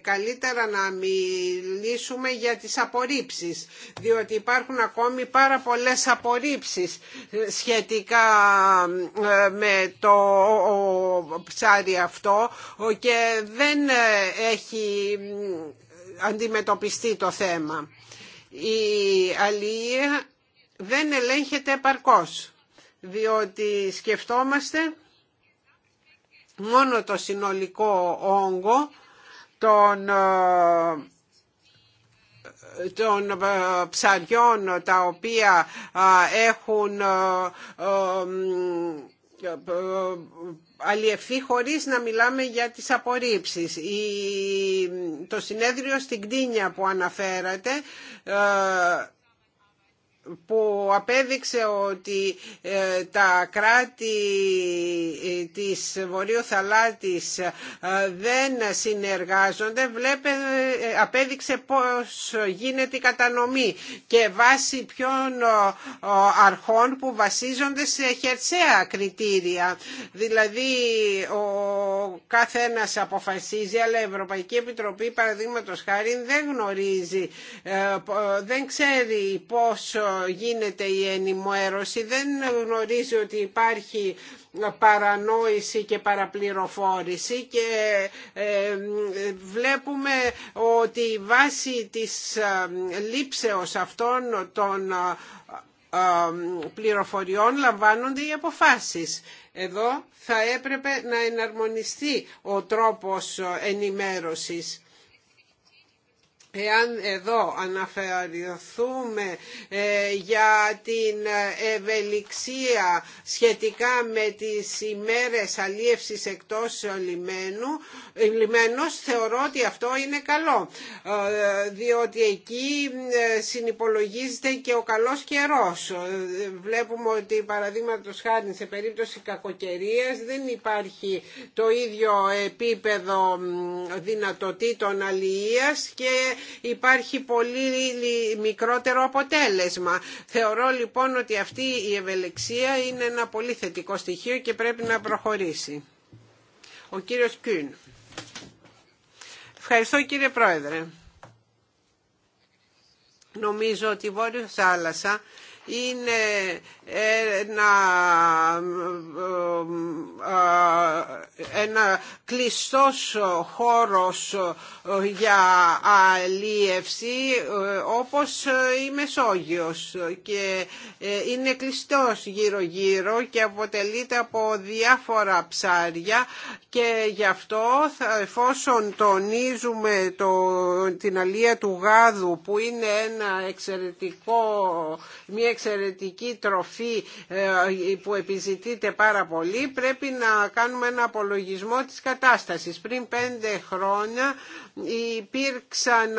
καλύτερα να μιλήσουμε για τις απορρίψεις, διότι υπάρχουν ακόμη πάρα πολλές απορρίψεις ε, σχετικά ε, με το ψάρι αυτό και δεν έχει αντιμετωπιστεί το θέμα. Η αλληλεία δεν ελέγχεται επαρκώς, διότι σκεφτόμαστε μόνο το συνολικό όγκο των ε, των ε, ψαριών τα οποία ε, έχουν αλλιευθεί χωρίς να μιλάμε για τις απορρίψεις. Το συνέδριο στην Κτίνια που αναφέρατε που απέδειξε ότι ε, τα κράτη ε, της Βορείου Θαλάτης ε, δεν συνεργάζονται βλέπε, απέδειξε πως γίνεται η κατανομή και βάσει ποιων αρχών που βασίζονται σε χερσαία κριτήρια δηλαδή ο κάθε ένας αποφασίζει αλλά η Ευρωπαϊκή Επιτροπή παραδείγματος χάρη δεν γνωρίζει δεν ξέρει πόσο γίνεται η ενημέρωση δεν γνωρίζει ότι υπάρχει παρανόηση και παραπληροφόρηση και ε, βλέπουμε ότι η βάση της ε, λήψεως αυτών των ε, πληροφοριών λαμβάνονται οι αποφάσεις. Εδώ θα έπρεπε να εναρμονιστεί ο τρόπος ενημέρωσης. Εάν εδώ αναφερθούμε ε, για την ε, ευελιξία σχετικά με τις ημέρες αλίευσης εκτός λιμένου, ε, λιμένος, θεωρώ ότι αυτό είναι καλό, διότι εκεί συνυπολογίζεται και ο καλός καιρός. Βλέπουμε ότι παραδείγματο χάρη σε περίπτωση κακοκαιρίας δεν υπάρχει το ίδιο επίπεδο δυνατοτήτων αλληλείας και υπάρχει πολύ μικρότερο αποτέλεσμα. Θεωρώ λοιπόν ότι αυτή η ευελεξία είναι ένα πολύ θετικό στοιχείο και πρέπει να προχωρήσει. Ο κύριος Κιούν. Ευχαριστώ κύριε Πρόεδρε. Νομίζω ότι η Βόρειο Θάλασσα είναι ένα, ένα κλειστός χώρος για αλίευση όπως η Μεσόγειος και ε, είναι κλειστός γύρω γύρω και αποτελείται από διάφορα ψάρια και γι' αυτό εφόσον τονίζουμε το, την αλία του γάδου που είναι ένα εξαιρετικό, μια εξαιρετική τροφή ε, που επιζητείται πάρα πολύ πρέπει να κάνουμε ένα απολογισμό της κατάστασης. Πριν πέντε χρόνια υπήρξαν,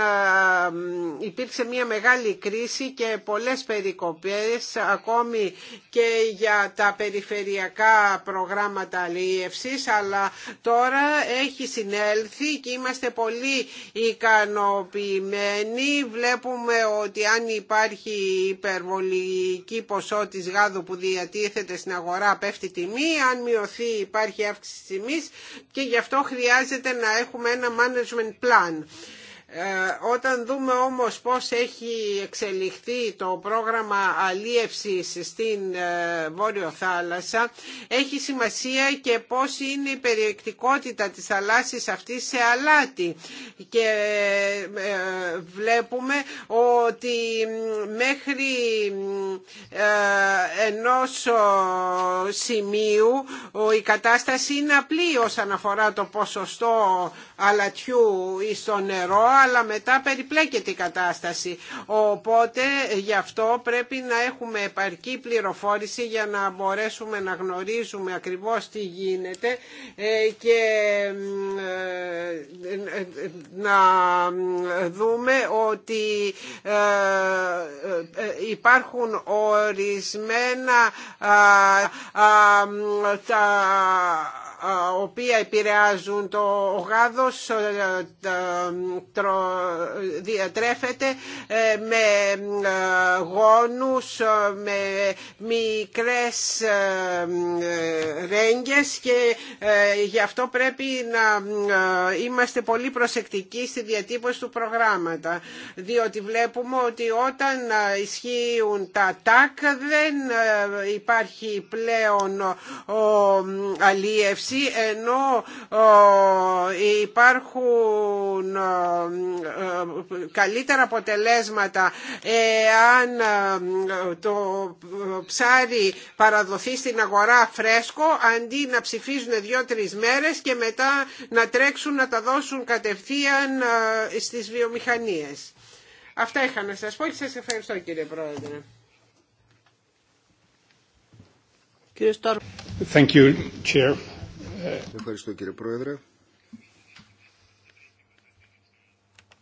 ε, υπήρξε μια μεγάλη κρίση και πολλές περικοπές ακόμη και για τα περιφερειακά προγράμματα αλλιεύσης αλλά τώρα έχει συνέλθει και είμαστε πολύ ικανοποιημένοι βλέπουμε ότι αν υπάρχει υπερβολή η ποσό της γάδου που διατίθεται στην αγορά πέφτει τιμή, αν μειωθεί υπάρχει αύξηση τιμής και γι' αυτό χρειάζεται να έχουμε ένα management plan. Ε, όταν δούμε όμως πώς έχει εξελιχθεί το πρόγραμμα αλίευσης στην ε, Βόρειο Θάλασσα, έχει σημασία και πώς είναι η περιεκτικότητα της θαλάσσης αυτής σε αλάτι. Και ε, βλέπουμε ότι μέχρι ενός σημείου η κατάσταση είναι απλή όσον αφορά το ποσοστό αλατιού στο νερό, αλλά μετά περιπλέκεται η κατάσταση. Οπότε γι' αυτό πρέπει να έχουμε επαρκή πληροφόρηση για να μπορέσουμε να γνωρίζουμε ακριβώς τι γίνεται ε, και ε, να δούμε ότι ε, υπάρχουν ορισμένα τα οποία επηρεάζουν το γάδος ε, διατρέφεται ε, με ε, γόνους, με μικρές ρέγγες και γι' αυτό πρέπει να είμαστε πολύ προσεκτικοί στη διατύπωση του προγράμματα διότι βλέπουμε ότι όταν ισχύουν τα τάκ δεν υπάρχει πλέον αλίευση ενώ υπάρχουν καλύτερα αποτελέσματα εάν το ψάρι παραδοθεί στην αγορά φρέσκο αντί να ψηφίζουν δύο-τρεις μέρες και μετά να τρέξουν να τα δώσουν κατευθείαν ε, στις βιομηχανίες. Αυτά είχα να σας πω και σας ευχαριστώ κύριε Πρόεδρε. Thank you, Chair. Ευχαριστώ κύριε Πρόεδρε.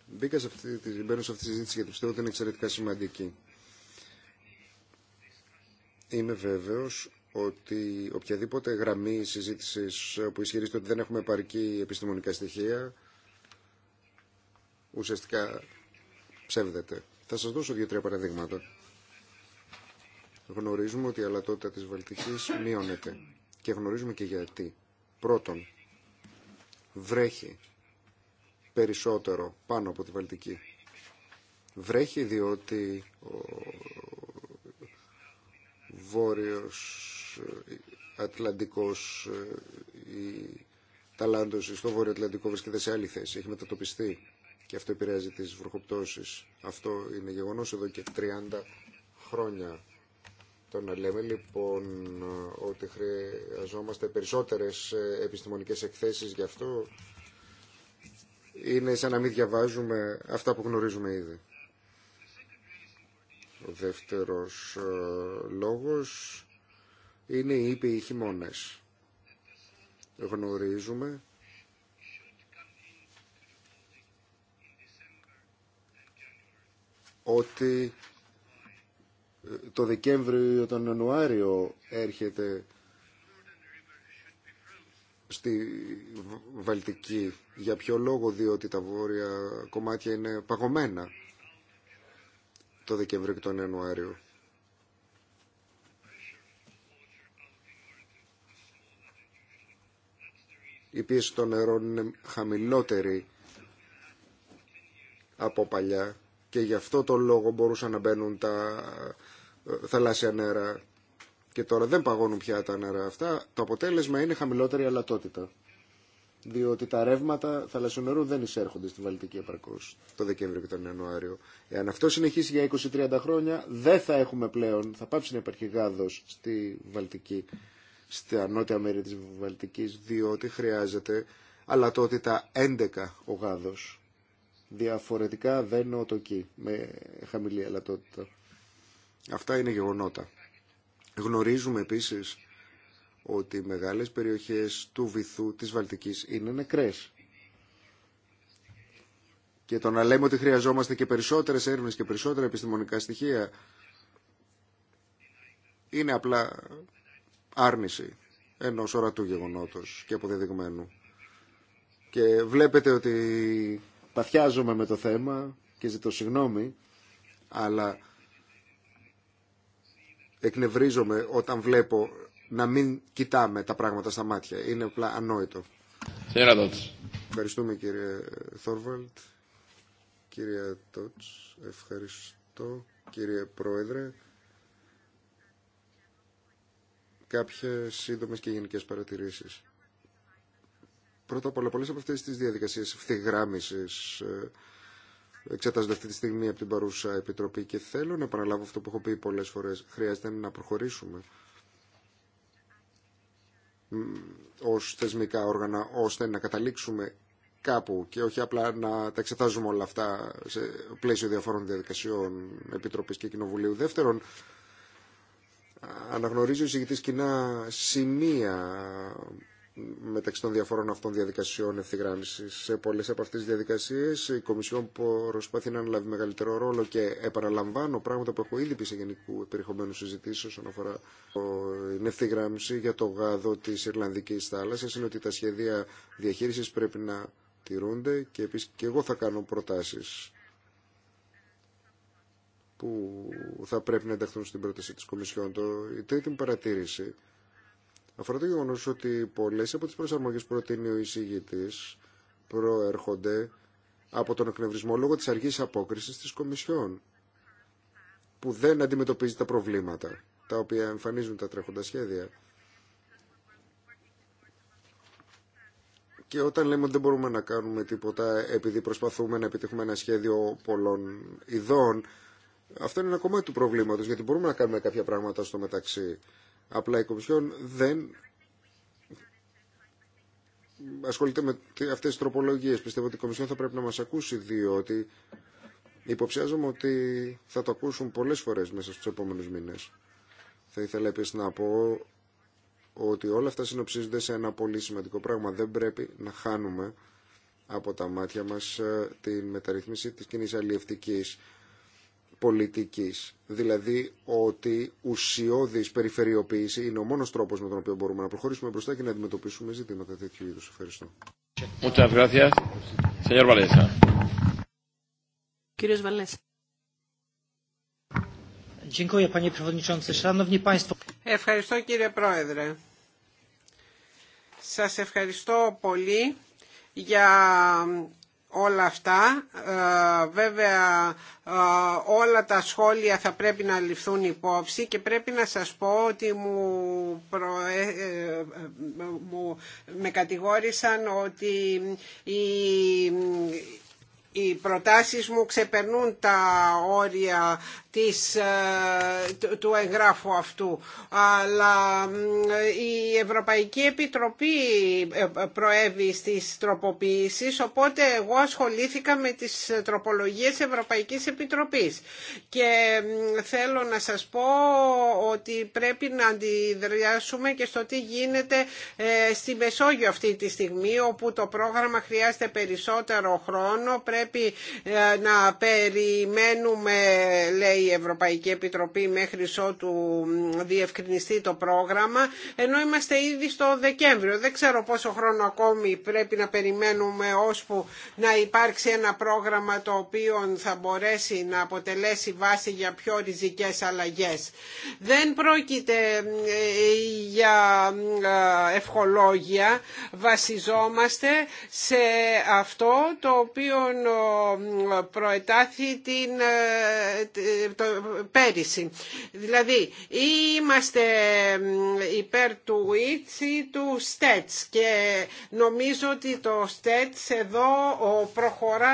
Μπήκα σε αυτή, τη σε αυτή τη συζήτηση γιατί πιστεύω ότι είναι εξαιρετικά σημαντική. Είμαι βέβαιος ότι οποιαδήποτε γραμμή συζήτησης που ισχυρίζεται ότι δεν έχουμε επαρκή επιστημονικά στοιχεία ουσιαστικά ψεύδεται. Θα σας δώσω δύο-τρία παραδείγματα. Γνωρίζουμε ότι η αλατότητα της Βαλτικής μειώνεται και γνωρίζουμε και γιατί. Πρώτον, βρέχει περισσότερο πάνω από τη Βαλτική. Βρέχει διότι ο Βόρειος ε, Ατλαντικός, ε, η ταλάντωση στο Βόρειο Ατλαντικό βρίσκεται σε άλλη θέση, έχει μετατοπιστεί και αυτό επηρεάζει τις βροχοπτώσεις. Αυτό είναι γεγονός εδώ και 30 χρόνια το να λέμε λοιπόν ότι χρειαζόμαστε περισσότερες ε, επιστημονικές εκθέσεις γι' αυτό είναι σαν να μην διαβάζουμε αυτά που γνωρίζουμε ήδη. Ο δεύτερος ε, λόγος είναι οι ήπιοι χειμώνες. Γνωρίζουμε ότι το Δεκέμβριο ή τον Ιανουάριο έρχεται στη Βαλτική. Για ποιο λόγο, διότι τα βόρεια κομμάτια είναι παγωμένα το Δεκέμβριο και τον Ιανουάριο. Η πίεση των νερών είναι χαμηλότερη από παλιά και γι' αυτό το λόγο μπορούσαν να μπαίνουν τα ε, θαλάσσια νερά και τώρα δεν παγώνουν πια τα νερά αυτά, το αποτέλεσμα είναι χαμηλότερη αλατότητα. Διότι τα ρεύματα θαλασσιού δεν εισέρχονται στη Βαλτική επαρκώ το Δεκέμβριο και τον Ιανουάριο. Εάν αυτό συνεχίσει για 20-30 χρόνια, δεν θα έχουμε πλέον, θα πάψει να υπάρχει γάδο στη Βαλτική, στα νότια μέρη τη Βαλτική, διότι χρειάζεται αλατότητα 11 ο γάδο διαφορετικά δεν τοκί με χαμηλή αλατότητα. Αυτά είναι γεγονότα. Γνωρίζουμε επίσης ότι οι μεγάλες περιοχές του βυθού της Βαλτικής είναι νεκρές. Και το να λέμε ότι χρειαζόμαστε και περισσότερες έρευνες και περισσότερα επιστημονικά στοιχεία είναι απλά άρνηση ενός ορατού γεγονότος και αποδεδειγμένου. Και βλέπετε ότι παθιάζομαι με το θέμα και ζητώ συγγνώμη, αλλά εκνευρίζομαι όταν βλέπω να μην κοιτάμε τα πράγματα στα μάτια. Είναι απλά ανόητο. Ευχαριστούμε κύριε Θόρβαλτ. Κύριε Τότς, ευχαριστώ. Κύριε Πρόεδρε, κάποιες σύντομες και γενικές παρατηρήσεις. Πρώτα απ' όλα, πολλέ από αυτέ τι διαδικασίε ευθυγράμμιση ε, εξετάζονται αυτή τη στιγμή από την παρούσα επιτροπή και θέλω να επαναλάβω αυτό που έχω πει πολλέ φορέ. Χρειάζεται να προχωρήσουμε ω θεσμικά όργανα ώστε να καταλήξουμε κάπου και όχι απλά να τα εξετάζουμε όλα αυτά σε πλαίσιο διαφόρων διαδικασιών Επιτροπής και Κοινοβουλίου. Δεύτερον, αναγνωρίζει ο εισηγητής κοινά σημεία μεταξύ των διαφόρων αυτών διαδικασιών ευθυγράμμιση. Σε πολλέ από αυτέ τι διαδικασίε η Κομισιόν προσπαθεί να αναλάβει μεγαλύτερο ρόλο και επαναλαμβάνω πράγματα που έχω ήδη πει σε γενικού περιεχομένου συζητήσει όσον αφορά την ευθυγράμμιση για το γάδο τη Ιρλανδική θάλασσα. Είναι ότι τα σχέδια διαχείριση πρέπει να τηρούνται και επίση και εγώ θα κάνω προτάσει που θα πρέπει να ενταχθούν στην πρόταση της Κομισιόν. Το, η τρίτη παρατήρηση αφορά το γεγονό ότι πολλέ από τι προσαρμογέ που προτείνει ο εισηγητή προέρχονται από τον εκνευρισμό λόγω τη αργή απόκριση τη Κομισιόν, που δεν αντιμετωπίζει τα προβλήματα τα οποία εμφανίζουν τα τρέχοντα σχέδια. Και όταν λέμε ότι δεν μπορούμε να κάνουμε τίποτα επειδή προσπαθούμε να επιτύχουμε ένα σχέδιο πολλών ειδών, αυτό είναι ένα κομμάτι του προβλήματος, γιατί μπορούμε να κάνουμε κάποια πράγματα στο μεταξύ. Απλά η Κομισιόν δεν ασχολείται με αυτές τις τροπολογίες. Πιστεύω ότι η Κομισιόν θα πρέπει να μας ακούσει διότι υποψιάζομαι ότι θα το ακούσουν πολλές φορές μέσα στους επόμενους μήνες. Θα ήθελα επίσης να πω ότι όλα αυτά συνοψίζονται σε ένα πολύ σημαντικό πράγμα. Δεν πρέπει να χάνουμε από τα μάτια μας ε, την μεταρρύθμιση της κοινής αλλιευτικής πολιτικής. Δηλαδή ότι ουσιώδης περιφερειοποίηση είναι ο μόνος τρόπος με τον οποίο μπορούμε να προχωρήσουμε μπροστά και να αντιμετωπίσουμε ζητήματα τέτοιου είδους. Ευχαριστώ. Ευχαριστώ κύριε Πρόεδρε. Σας ευχαριστώ πολύ για όλα αυτά. Ε, βέβαια ε, όλα τα σχόλια θα πρέπει να ληφθούν υπόψη και πρέπει να σας πω ότι μου, ε, μου... με κατηγόρησαν ότι η οι προτάσεις μου ξεπερνούν τα όρια της, ε, του εγγράφου αυτού. Αλλά η Ευρωπαϊκή Επιτροπή ε, προέβη στις τροποποιήσεις, οπότε εγώ ασχολήθηκα με τις τροπολογίες Ευρωπαϊκής Επιτροπής. Και θέλω να σας πω ότι πρέπει να αντιδράσουμε και στο τι γίνεται ε, στη Μεσόγειο αυτή τη στιγμή, όπου το πρόγραμμα χρειάζεται περισσότερο χρόνο, πρέπει ε, να περιμένουμε, λέει η Ευρωπαϊκή Επιτροπή, μέχρι ότου διευκρινιστεί το πρόγραμμα, ενώ είμαστε ήδη στο Δεκέμβριο. Δεν ξέρω πόσο χρόνο ακόμη πρέπει να περιμένουμε ώσπου να υπάρξει ένα πρόγραμμα το οποίο θα μπορέσει να αποτελέσει βάση για πιο ριζικές αλλαγές. Δεν πρόκειται ε, για ε, ευχολόγια, βασιζόμαστε σε αυτό το οποίο προετάθη την, ε, το, πέρυσι. Δηλαδή, είμαστε υπέρ του ΙΤΣ ή του ΣΤΕΤΣ και νομίζω ότι το ΣΤΕΤΣ εδώ προχωρά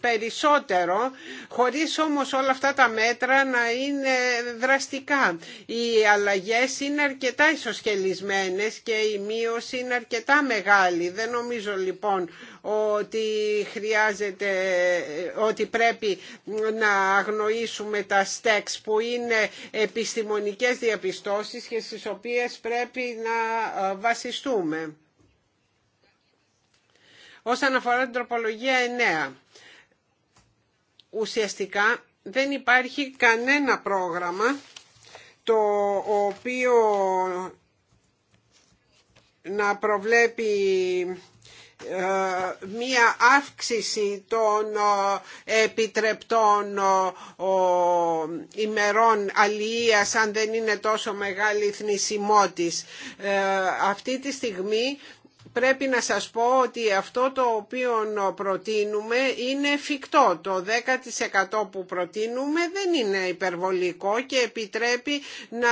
περισσότερο, χωρίς όμως όλα αυτά τα μέτρα να είναι δραστικά. Οι αλλαγές είναι αρκετά ισοσχελισμένες και η μείωση είναι αρκετά μεγάλη. Δεν νομίζω λοιπόν ότι χρειάζεται χρειάζεται, ε, ότι πρέπει να αγνοήσουμε τα στέξ που είναι επιστημονικές διαπιστώσεις και στις οποίες πρέπει να ε, βασιστούμε. Όσον αφορά την τροπολογία 9, ουσιαστικά δεν υπάρχει κανένα πρόγραμμα το οποίο να προβλέπει μία αύξηση των ε, επιτρεπτών ε, ημερών αλληλείας αν δεν είναι τόσο μεγάλη η θνησιμότης. Ε, αυτή τη στιγμή πρέπει να σας πω ότι αυτό το οποίο προτείνουμε είναι φυκτό. Το 10% που προτείνουμε δεν είναι υπερβολικό και επιτρέπει να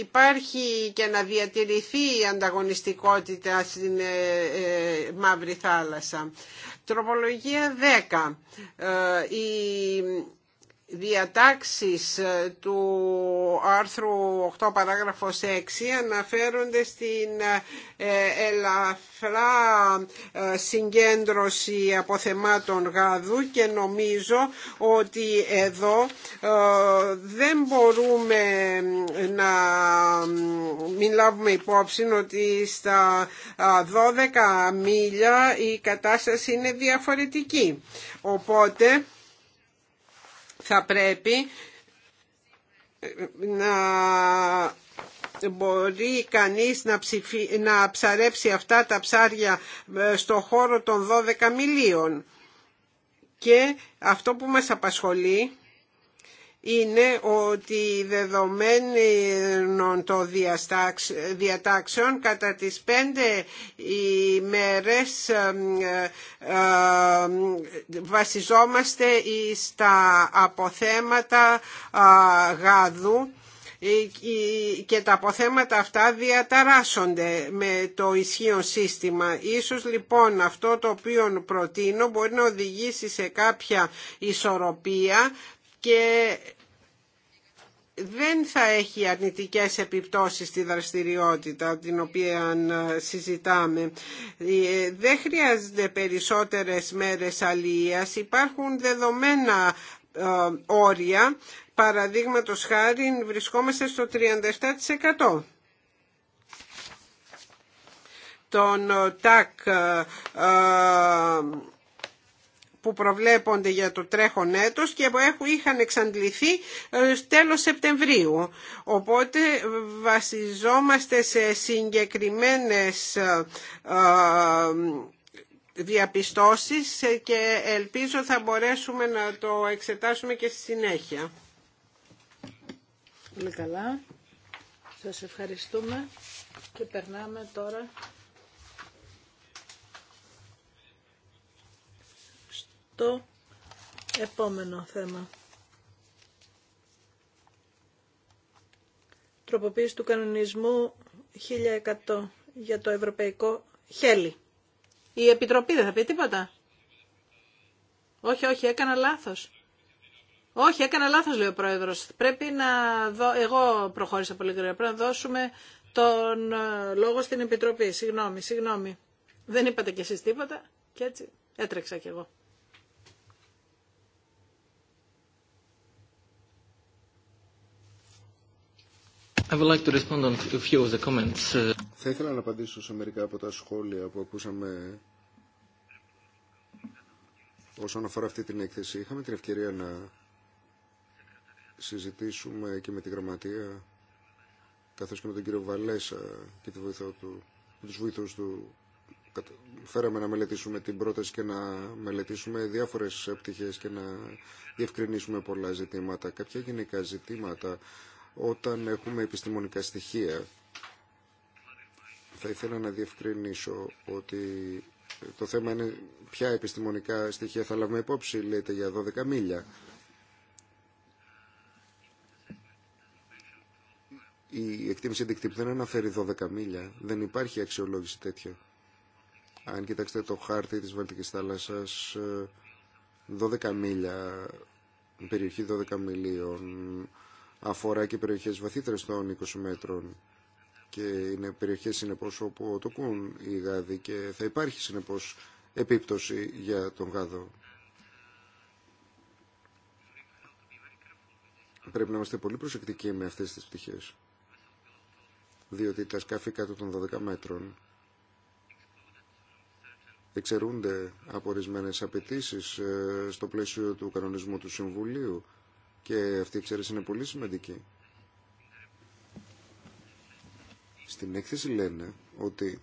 υπάρχει και να διατηρηθεί η ανταγωνιστικότητα στην ε, ε, Μαύρη Θάλασσα. Τροπολογία 10. Ε, η διατάξεις ε, του άρθρου 8 παράγραφος 6 αναφέρονται στην ε, ε, ελαφρά συγκέντρωση αποθεμάτων γάδου και νομίζω ότι εδώ δεν μπορούμε να μην λάβουμε υπόψη ότι στα 12 μίλια η κατάσταση είναι διαφορετική. Οπότε θα πρέπει να μπορεί κανείς να, ψηφι... ψαρέψει αυτά τα ψάρια ε, στο χώρο των 12 μιλίων. Και αυτό που μας απασχολεί είναι ότι δεδομένων των διατάξεων κατά τις πέντε ημέρες ε, ε, βασιζόμαστε στα αποθέματα γάδου ε, και τα αποθέματα αυτά διαταράσσονται με το ισχύον σύστημα. Ίσως λοιπόν αυτό το οποίο προτείνω μπορεί να οδηγήσει σε κάποια ισορροπία και δεν θα έχει αρνητικές επιπτώσεις στη δραστηριότητα την οποία συζητάμε. Ε, δεν χρειάζονται περισσότερες μέρες αλίας. Υπάρχουν δεδομένα ε, όρια. Παραδείγματος χάρη βρισκόμαστε στο 37% Τον ε, ΤΑΚ που προβλέπονται για το τρέχον έτος και που είχαν εξαντληθεί ε, τέλος Σεπτεμβρίου. Οπότε ε, βασιζόμαστε σε συγκεκριμένες ε, διαπιστώσεις και ελπίζω θα μπορέσουμε να το εξετάσουμε και στη συνέχεια. Πολύ καλά. Σας ευχαριστούμε και περνάμε τώρα το επόμενο θέμα. Τροποποίηση του κανονισμού 1100 για το ευρωπαϊκό χέλι. Η Επιτροπή δεν θα πει τίποτα. Όχι, όχι, έκανα λάθος. Όχι, έκανα λάθος, λέει ο Πρόεδρος. Πρέπει να δω... Εγώ προχώρησα πολύ γρήγορα. Πρέπει να δώσουμε τον ε, λόγο στην Επιτροπή. Συγγνώμη, συγγνώμη. Δεν είπατε κι εσείς τίποτα και έτσι έτρεξα κι εγώ. Θα ήθελα να απαντήσω σε μερικά από τα σχόλια που ακούσαμε όσον αφορά αυτή την έκθεση. Είχαμε την ευκαιρία να συζητήσουμε και με τη γραμματεία καθώς και με τον κύριο Βαλέσα και τη βοηθό του, τους βοηθούς του φέραμε να μελετήσουμε την πρόταση και να μελετήσουμε διάφορες πτυχές και να διευκρινίσουμε πολλά ζητήματα. Κάποια γενικά ζητήματα όταν έχουμε επιστημονικά στοιχεία. Θα ήθελα να διευκρινίσω ότι το θέμα είναι ποια επιστημονικά στοιχεία θα λάβουμε υπόψη, λέτε για 12 μίλια. Η εκτίμηση αντικτύπου δεν αναφέρει 12 μίλια, δεν υπάρχει αξιολόγηση τέτοια. Αν κοιτάξετε το χάρτη της Βαλτικής θάλασσας, 12 ε, μίλια, περιοχή 12 μιλίων, αφορά και περιοχές βαθύτερες των 20 μέτρων και είναι περιοχές συνεπώς όπου τοκούν οι γάδοι και θα υπάρχει συνεπώς επίπτωση για τον γάδο. Πρέπει να είμαστε πολύ προσεκτικοί με αυτές τις πτυχές διότι τα σκάφη κάτω των 12 μέτρων εξαιρούνται από ορισμένε απαιτήσει ε, στο πλαίσιο του κανονισμού του Συμβουλίου και αυτή η εξαίρεση είναι πολύ σημαντική. Στην έκθεση λένε ότι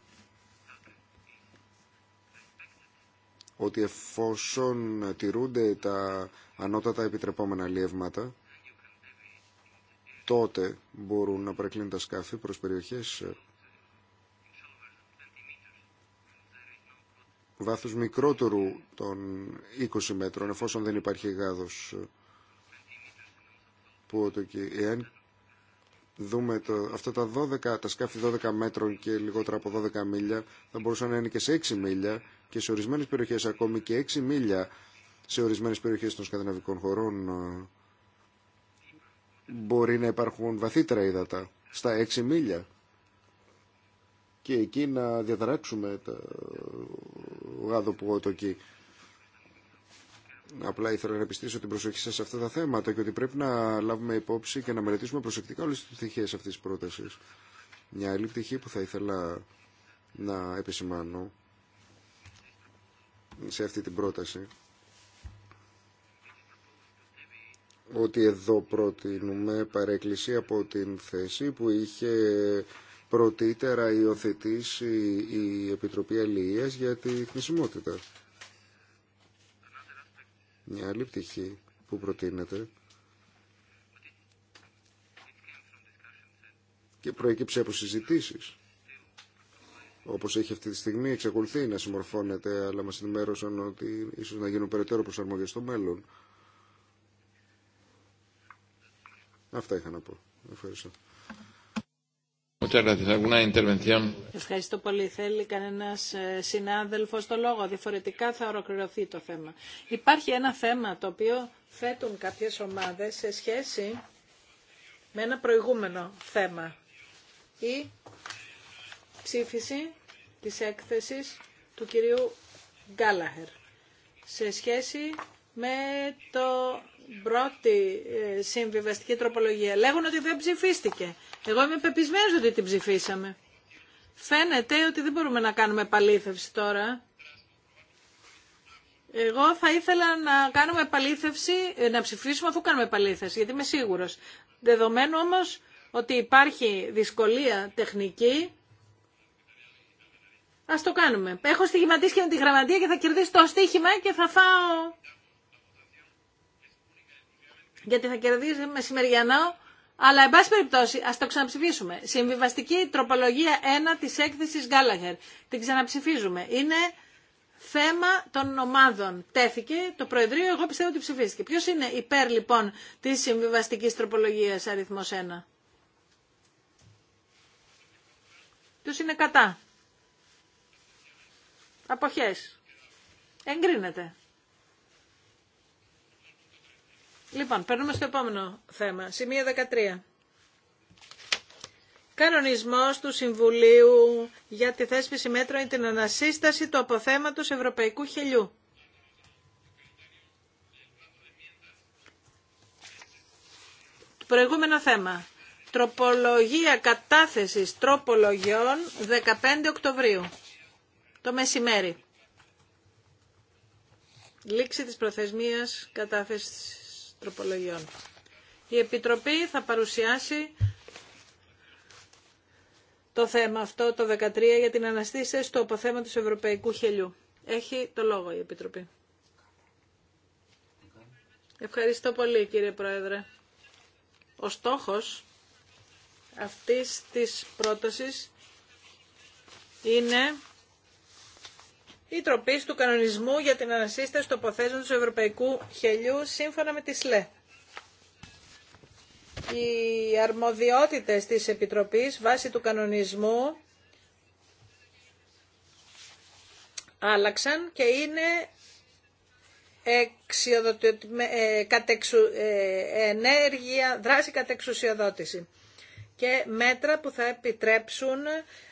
ότι εφόσον τηρούνται τα ανώτατα επιτρεπόμενα λιεύματα, τότε μπορούν να παρεκκλίνουν τα σκάφη προς περιοχές βάθους μικρότερου των 20 μέτρων, εφόσον δεν υπάρχει γάδος εάν δούμε το, αυτά τα, 12, τα σκάφη 12 μέτρων και λιγότερα από 12 μίλια θα μπορούσαν να είναι και σε 6 μίλια και σε ορισμένες περιοχές ακόμη και 6 μίλια σε ορισμένες περιοχές των σκανδιναβικών χωρών ε, μπορεί να υπάρχουν βαθύτερα ύδατα στα 6 μίλια και εκεί να διαδράξουμε το ε, γάδο που εκεί. Απλά ήθελα να επιστήσω την προσοχή σας σε αυτά τα θέματα και ότι πρέπει να λάβουμε υπόψη και να μελετήσουμε προσεκτικά όλες τις πτυχέ αυτή τη πρότασης. Μια άλλη πτυχή που θα ήθελα να επισημάνω σε αυτή την πρόταση ότι εδώ προτείνουμε παρέκκληση από την θέση που είχε πρωτήτερα υιοθετήσει η Επιτροπή Αλληλείας για τη χρησιμότητα. Μια άλλη πτυχή που προτείνεται και προέκυψε από συζητήσεις όπως έχει αυτή τη στιγμή εξακολουθεί να συμμορφώνεται αλλά μας ενημέρωσαν ότι ίσως να γίνουν περαιτέρω προσαρμογές στο μέλλον. Αυτά είχα να πω. Ευχαριστώ. Ευχαριστώ πολύ. Θέλει κανένα ε, συνάδελφος το λόγο. Διαφορετικά θα ολοκληρωθεί το θέμα. Υπάρχει ένα θέμα το οποίο θέτουν κάποιες ομάδες σε σχέση με ένα προηγούμενο θέμα. Η ψήφιση της έκθεσης του κυρίου Γκάλαχερ σε σχέση με το πρώτη ε, συμβιβαστική τροπολογία. Λέγουν ότι δεν ψηφίστηκε. Εγώ είμαι πεπισμένο ότι την ψηφίσαμε. Φαίνεται ότι δεν μπορούμε να κάνουμε επαλήθευση τώρα. Εγώ θα ήθελα να κάνουμε επαλήθευση, να ψηφίσουμε αφού κάνουμε επαλήθευση, γιατί είμαι σίγουρος. Δεδομένου όμως ότι υπάρχει δυσκολία τεχνική, ας το κάνουμε. Έχω στοιχηματίσει και με τη γραμματεία και θα κερδίσω το στοίχημα και θα φάω... Γιατί θα κερδίσει μεσημεριανό αλλά, εν πάση περιπτώσει, ας το ξαναψηφίσουμε. Συμβιβαστική τροπολογία 1 της έκθεσης Γκάλαγερ. Την ξαναψηφίζουμε. Είναι θέμα των ομάδων. Τέθηκε το Προεδρείο, εγώ πιστεύω ότι ψηφίστηκε. Ποιος είναι υπέρ, λοιπόν, της συμβιβαστικής τροπολογίας αριθμός 1. Ποιο είναι κατά. Αποχές. Εγκρίνεται. Λοιπόν, περνούμε στο επόμενο θέμα. Σημείο 13. Κανονισμός του Συμβουλίου για τη θέσπιση μέτρων για την ανασύσταση του αποθέματος Ευρωπαϊκού Χελιού. Προηγούμενο θέμα. Τροπολογία κατάθεσης τροπολογιών 15 Οκτωβρίου. Το μεσημέρι. Λήξη της προθεσμίας κατάθεσης τροπολογιών. Η Επιτροπή θα παρουσιάσει το θέμα αυτό, το 13, για την αναστήση στο αποθέμα του Ευρωπαϊκού Χελιού. Έχει το λόγο η Επιτροπή. Ευχαριστώ πολύ κύριε Πρόεδρε. Ο στόχος αυτής της πρότασης είναι η τροπή του κανονισμού για την ανασύσταση του αποθέσεων του ευρωπαϊκού χελιού σύμφωνα με τη ΣΛΕ. Οι αρμοδιότητες της Επιτροπής βάσει του κανονισμού άλλαξαν και είναι ε, κατεξου... Ε, ενέργεια, δράση κατεξουσιοδότηση και μέτρα που θα επιτρέψουν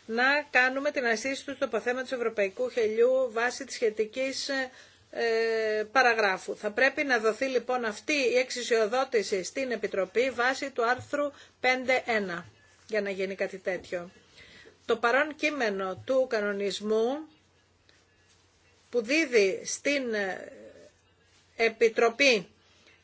να κάνουμε την ασύστηση του στο του Ευρωπαϊκού Χελιού βάσει της σχετικής ε, παραγράφου. Θα πρέπει να δοθεί λοιπόν αυτή η εξισιοδότηση στην Επιτροπή βάσει του άρθρου 5.1 για να γίνει κάτι τέτοιο. Το παρόν κείμενο του κανονισμού που δίδει στην ε, Επιτροπή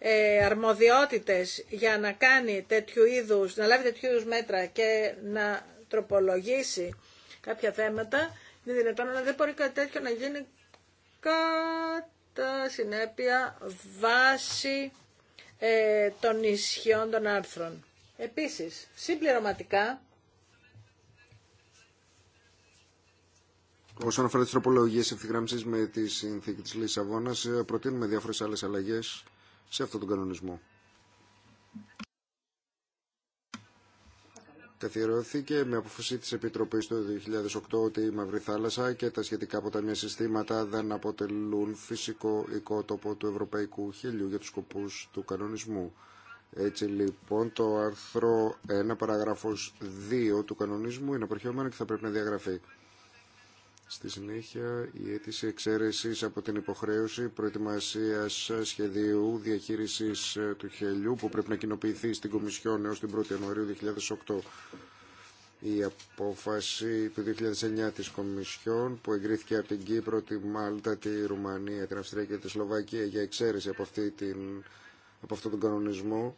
ε, αρμοδιότητες για να κάνει τέτοιου είδους, να λάβει τέτοιου είδους μέτρα και να τροπολογήσει κάποια θέματα, είναι δυνατόν, αλλά δεν μπορεί κάτι τέτοιο να γίνει κατά συνέπεια βάση ε, των ισχυών των άρθρων. Επίσης, συμπληρωματικά, Όσον αφορά τι τροπολογίε ευθυγράμμιση με τη συνθήκη τη Λισαβόνα, ε, προτείνουμε διάφορε άλλε αλλαγέ σε αυτόν τον κανονισμό. Καθιερώθηκε με αποφασή της Επιτροπής το 2008 ότι η Μαύρη Θάλασσα και τα σχετικά ποταμιά συστήματα δεν αποτελούν φυσικό οικότοπο του Ευρωπαϊκού Χίλιου για τους σκοπούς του κανονισμού. Έτσι λοιπόν το άρθρο 1 παραγράφος 2 του κανονισμού είναι απορχαιωμένο και θα πρέπει να διαγραφεί. Στη συνέχεια, η αίτηση εξαίρεση από την υποχρέωση προετοιμασία σχεδίου διαχείριση ε, του χελιού που πρέπει να κοινοποιηθεί στην Κομισιόν έω την 1η Ιανουαρίου 2008. Η απόφαση του 2009 τη Κομισιόν που εγκρίθηκε από την Κύπρο, τη Μάλτα, τη Ρουμανία, την Αυστρία και τη Σλοβακία για εξαίρεση από, αυτή την, από αυτόν τον κανονισμό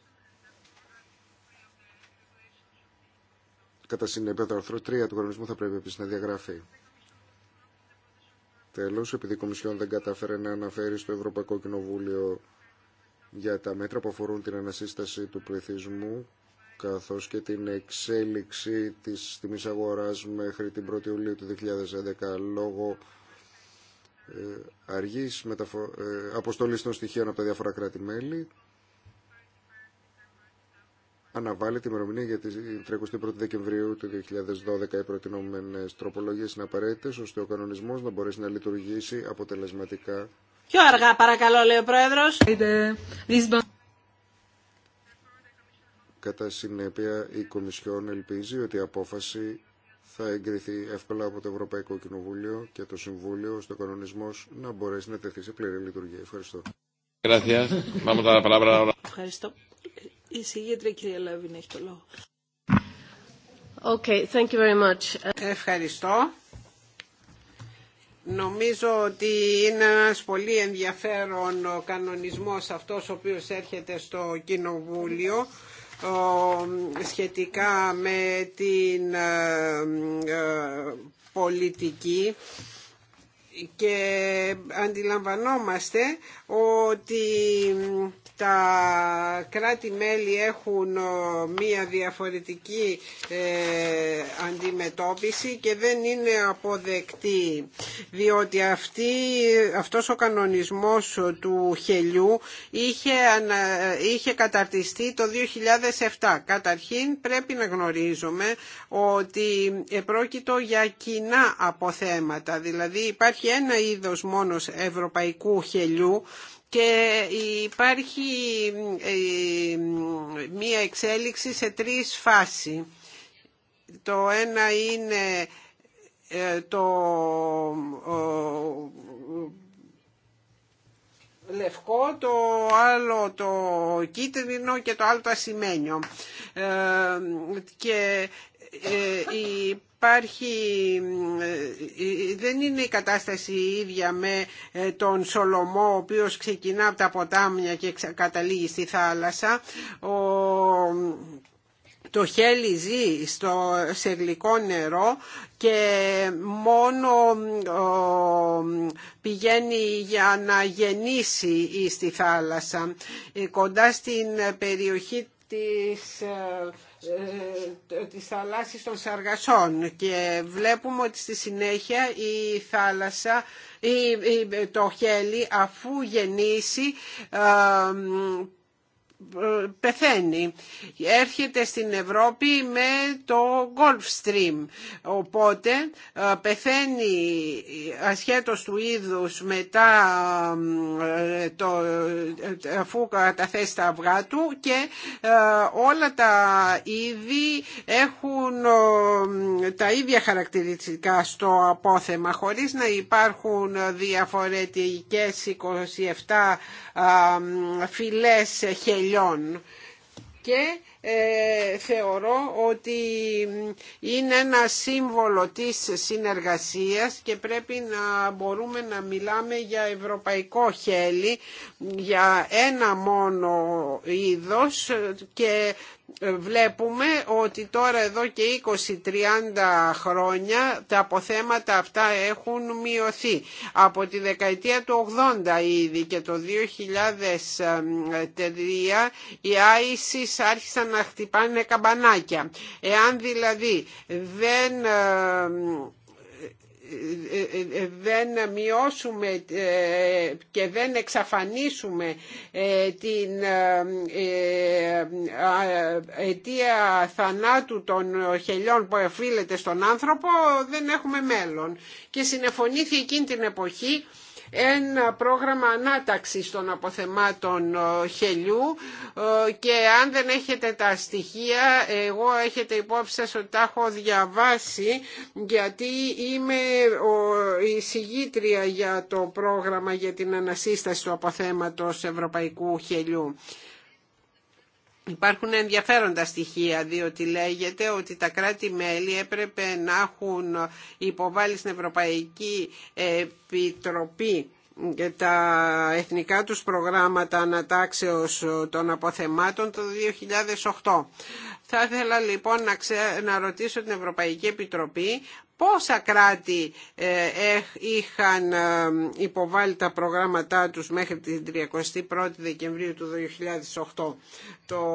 κατά συνέπεια το άρθρο 3 του κανονισμού θα πρέπει επίση να διαγραφεί. Τέλος, επειδή η Κομισιόν δεν κατάφερε να αναφέρει στο Ευρωπαϊκό Κοινοβούλιο για τα μέτρα που αφορούν την ανασύσταση του πληθυσμού καθώς και την εξέλιξη της τιμής αγοράς μέχρι την 1η Ιουλίου του 2011 λόγω ε, αργής μεταφο... Ε, αποστολής των στοιχείων από τα διάφορα κράτη-μέλη αναβάλει την ημερομηνία για την 31η Δεκεμβρίου του 2012. Οι προτινόμενε τροπολογίε είναι απαραίτητε ώστε ο κανονισμό να μπορέσει να λειτουργήσει αποτελεσματικά. Πιο αργά, παρακαλώ, λέει ο Πρόεδρο. Κατά συνέπεια, η Κομισιόν ελπίζει ότι η απόφαση θα εγκριθεί εύκολα από το Ευρωπαϊκό Κοινοβούλιο και το Συμβούλιο, ώστε ο κανονισμό να μπορέσει να τεθεί σε πλήρη λειτουργία. Ευχαριστώ. Ευχαριστώ. Η κυρία Λέβιν έχει το λόγο. Ευχαριστώ. Νομίζω ότι είναι ένας πολύ ενδιαφέρον ο κανονισμός αυτός ο οποίος έρχεται στο Κοινοβούλιο σχετικά με την ε, ε, πολιτική και αντιλαμβανόμαστε ότι τα κράτη-μέλη έχουν μία διαφορετική ε, αντιμετώπιση και δεν είναι αποδεκτή διότι αυτή, αυτός ο κανονισμός του χελιού είχε, είχε καταρτιστεί το 2007. Καταρχήν πρέπει να γνωρίζουμε ότι επρόκειτο για κοινά αποθέματα, δηλαδή υπάρχει ένα είδος μόνος ευρωπαϊκού χελιού και υπάρχει ε, μία εξέλιξη σε τρεις φάσεις. Το ένα είναι ε, το λευκό, το άλλο το κίτρινο και το άλλο το ασημένιο. Ε, και ε, ε, υπάρχει, ε, δεν είναι η κατάσταση η ίδια με τον Σολομό ο οποίος ξεκινά από τα ποτάμια και καταλήγει στη θάλασσα. το χέλι ζει στο, σε νερό και μόνο πηγαίνει για να γεννήσει στη θάλασσα. Κοντά στην περιοχή της ε, της θαλάσσης των Σαργασών και βλέπουμε ότι στη συνέχεια η θάλασσα το χέλι αφού γεννήσει ε, πεθαίνει. Έρχεται στην Ευρώπη με το Gulf Stream. Οπότε ε, πεθαίνει ασχέτως του είδους μετά ε, το, ε, αφού καταθέσει τα αυγά του και όλα τα είδη έχουν τα ίδια χαρακτηριστικά στο απόθεμα χωρίς να υπάρχουν διαφορετικές 27 φυλές χελιάς και ε, θεωρώ ότι είναι ένα σύμβολο της συνεργασίας και πρέπει να μπορούμε να μιλάμε για ευρωπαϊκό χέλι, για ένα μόνο είδος και βλέπουμε ότι τώρα εδώ και 20-30 χρόνια τα αποθέματα αυτά έχουν μειωθεί. Από τη δεκαετία του 80 ήδη και το 2003 οι άισις άρχισαν να χτυπάνε καμπανάκια. Εάν δηλαδή δεν ε, δεν μειώσουμε ε, και δεν εξαφανίσουμε ε, την ε, αιτία θανάτου των χελιών που εφείλεται στον άνθρωπο δεν έχουμε μέλλον. Και συνεφωνήθηκε εκείνη την εποχή ένα πρόγραμμα ανάταξης των αποθεμάτων ε, χελιού ε, και αν δεν έχετε τα στοιχεία, εγώ έχετε υπόψη σας ότι τα έχω διαβάσει γιατί είμαι η συγγήτρια για το πρόγραμμα για την ανασύσταση του αποθέματος ευρωπαϊκού χελιού. Υπάρχουν ενδιαφέροντα στοιχεία διότι λέγεται ότι τα κράτη-μέλη έπρεπε να έχουν υποβάλει στην Ευρωπαϊκή Επιτροπή τα εθνικά τους προγράμματα ανατάξεως των αποθεμάτων το 2008. Θα ήθελα λοιπόν να, να ρωτήσω την Ευρωπαϊκή Επιτροπή πόσα κράτη ε, είχαν ε, υποβάλει τα προγράμματά τους μέχρι την 31η Δεκεμβρίου του 2008. Το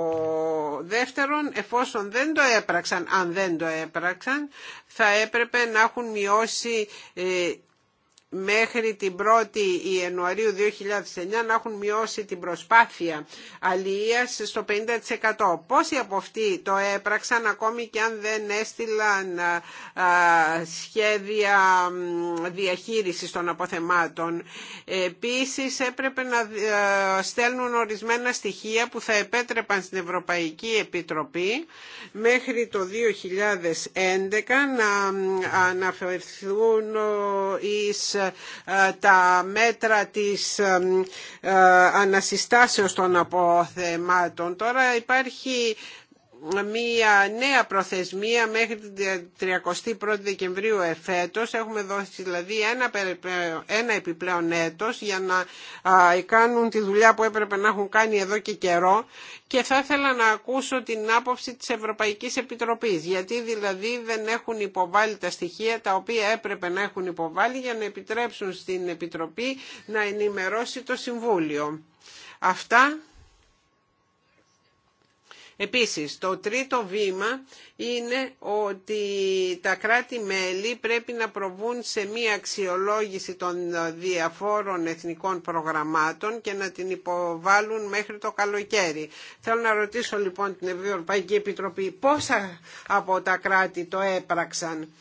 δεύτερον, εφόσον δεν το έπραξαν, αν δεν το έπραξαν, θα έπρεπε να έχουν μειώσει ε, μέχρι την 1η Ιανουαρίου 2009 να έχουν μειώσει την προσπάθεια αλληλείας στο 50%. Πόσοι από αυτοί το έπραξαν ακόμη και αν δεν έστειλαν σχέδια διαχείρισης των αποθεμάτων. Επίσης έπρεπε να στέλνουν ορισμένα στοιχεία που θα επέτρεπαν στην Ευρωπαϊκή Επιτροπή μέχρι το 2011 να αναφερθούν εις ε, τα μέτρα της ε, ε, ανασυστάσεως των αποθεμάτων. Τώρα υπάρχει μία νέα προθεσμία μέχρι την 31η Δεκεμβρίου εφέτος. Έχουμε δώσει δηλαδή ένα, ένα επιπλέον έτος για να κάνουν τη δουλειά που έπρεπε να έχουν κάνει εδώ και καιρό και θα ήθελα να ακούσω την άποψη της Ευρωπαϊκής Επιτροπής γιατί δηλαδή δεν έχουν υποβάλει τα στοιχεία τα οποία έπρεπε να έχουν υποβάλει για να επιτρέψουν στην Επιτροπή να ενημερώσει το Συμβούλιο. Αυτά Επίσης, το τρίτο βήμα είναι ότι τα κράτη-μέλη πρέπει να προβούν σε μία αξιολόγηση των διαφόρων εθνικών προγραμμάτων και να την υποβάλουν μέχρι το καλοκαίρι. Θέλω να ρωτήσω λοιπόν την Ευρωπαϊκή Επιτροπή πόσα από τα κράτη το έπραξαν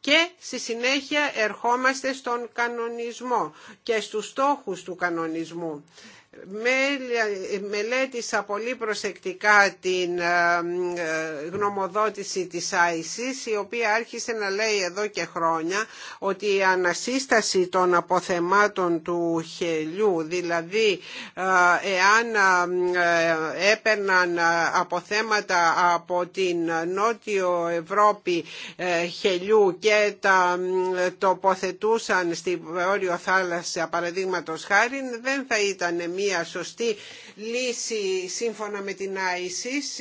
και στη συνέχεια ερχόμαστε στον κανονισμό και στους στόχους του κανονισμού μελέτησα πολύ προσεκτικά την ε, ε, γνωμοδότηση της ΆΙΣΙΣ η οποία άρχισε να λέει εδώ και χρόνια ότι η ανασύσταση των αποθεμάτων του χελιού δηλαδή ε, εάν έπαιρναν αποθέματα από την Νότιο Ευρώπη χελιού και τα τοποθετούσαν στη Βόρειο Θάλασσα παραδείγματος χάρη δεν θα ήταν μία μία σωστή λύση σύμφωνα με την ΆΙΣΙΣ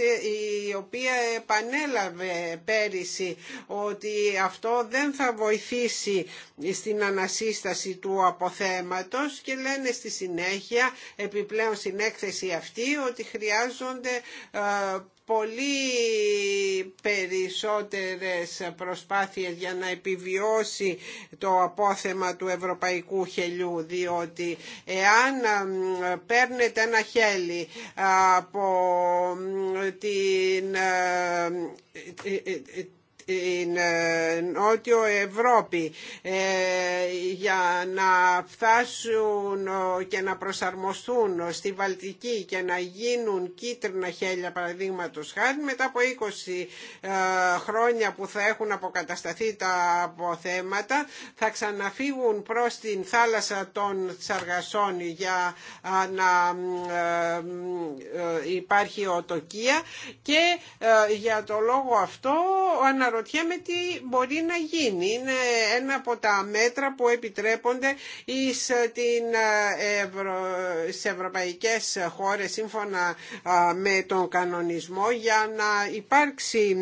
η οποία επανέλαβε πέρυσι ότι αυτό δεν θα βοηθήσει στην ανασύσταση του αποθέματος και λένε στη συνέχεια επιπλέον στην έκθεση αυτή ότι χρειάζονται ε, πολύ περισσότερες προσπάθειες για να επιβιώσει το απόθεμα του ευρωπαϊκού χελιού διότι εάν παίρνετε ένα χέλι από την ε, ε, ε, στην ε, Νότιο Ευρώπη ε, για να φτάσουν ε, και να προσαρμοστούν στη Βαλτική και να γίνουν κίτρινα χέλια παραδείγματο χάρη μετά από 20 χρόνια που θα έχουν αποκατασταθεί τα αποθέματα θα ξαναφύγουν προς την θάλασσα των Σαργασών για να υπάρχει οτοκία και για το λόγο αυτό αναρωτιέμαι αναρωτιέμαι τι μπορεί να γίνει. Είναι ένα από τα μέτρα που επιτρέπονται εις ε, την ε, Ευρω... ευρωπαϊκές χώρες σύμφωνα με τον κανονισμό για να υπάρξει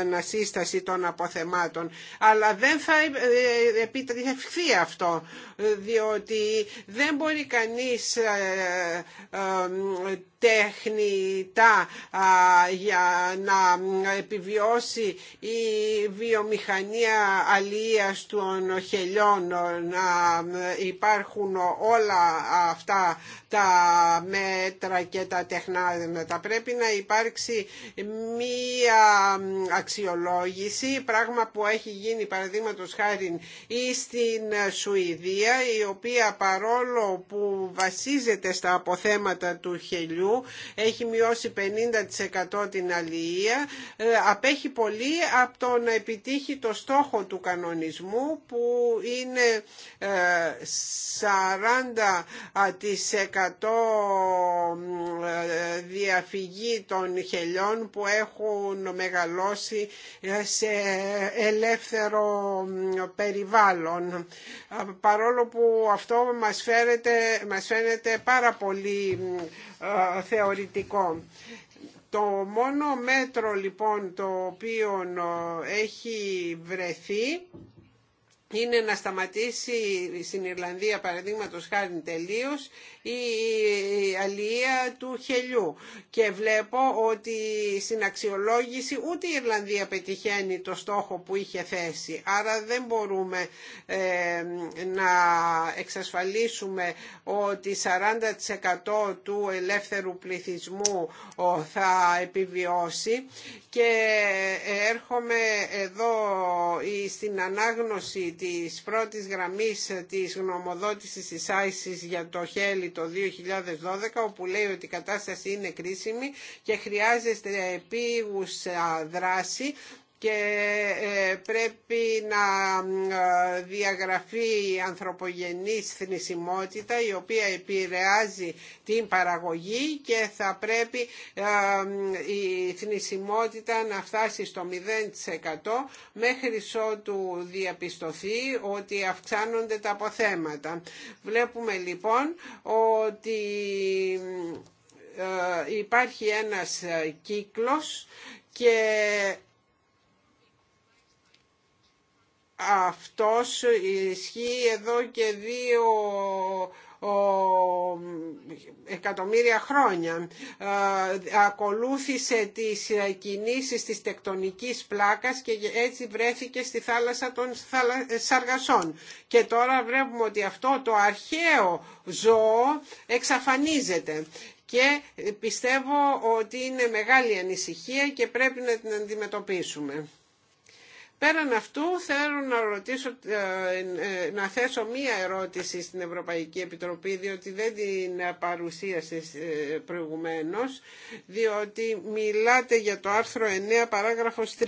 ανασύσταση ε, των αποθεμάτων. Αλλά δεν θα επιτρεφθεί αυτό διότι δεν μπορεί κανείς τέχνητα για να επιβιώσει ή βιομηχανία αλίας των χελιών να υπάρχουν όλα αυτά τα μέτρα και τα τα Πρέπει να υπάρξει μία αξιολόγηση, πράγμα που έχει γίνει παραδείγματο χάρη ή στην Σουηδία, η οποία παρόλο που βασίζεται στα αποθέματα του χελιού, έχει μειώσει 50% την αλληλεία, ε, απέχει πολύ από το να επιτύχει το στόχο του κανονισμού που είναι 40% ε, ε, διαφυγή των χελιών που έχουν μεγαλώσει ε, σε ελεύθερο περιβάλλον. Παρόλο που αυτό μας φαίνεται, μας φαίνεται πάρα πολύ θεωρητικό. Το μόνο μέτρο λοιπόν το οποίο ε, έχει βρεθεί είναι να σταματήσει στην Ιρλανδία παραδείγματο χάρη τελείω η αλληλεία του χελιού. Και βλέπω ότι στην αξιολόγηση ούτε η Ιρλανδία πετυχαίνει το στόχο που είχε θέσει. Άρα δεν μπορούμε ε, να εξασφαλίσουμε ότι 40% του ελεύθερου πληθυσμού θα επιβιώσει. Και ε, έρχομαι εδώ ε, στην ανάγνωση της πρώτης γραμμής της γνωμοδότησης της ISIS για το χέλι το 2012 όπου λέει ότι η κατάσταση είναι κρίσιμη και χρειάζεται επίγουσα δράση και ε, πρέπει να διαγραφεί η ανθρωπογενής θνησιμότητα η οποία επηρεάζει την παραγωγή και θα πρέπει ε, η θνησιμότητα να φτάσει στο 0% μέχρι ότου διαπιστωθεί ότι αυξάνονται τα αποθέματα. Βλέπουμε λοιπόν ότι ε, υπάρχει ένας κύκλος και Αυτός ισχύει εδώ και δύο εκατομμύρια χρόνια ε, ακολούθησε τις κινήσεις της τεκτονικής πλάκας και έτσι βρέθηκε στη θάλασσα των Σαργασών και τώρα βλέπουμε ότι αυτό το αρχαίο ζώο εξαφανίζεται και πιστεύω ότι είναι μεγάλη ανησυχία και πρέπει να την αντιμετωπίσουμε. Πέραν αυτού θέλω να, ρωτήσω, ε, ε, να θέσω μία ερώτηση στην Ευρωπαϊκή Επιτροπή διότι δεν την παρουσίασε ε, προηγουμένως διότι μιλάτε για το άρθρο 9 παράγραφος 3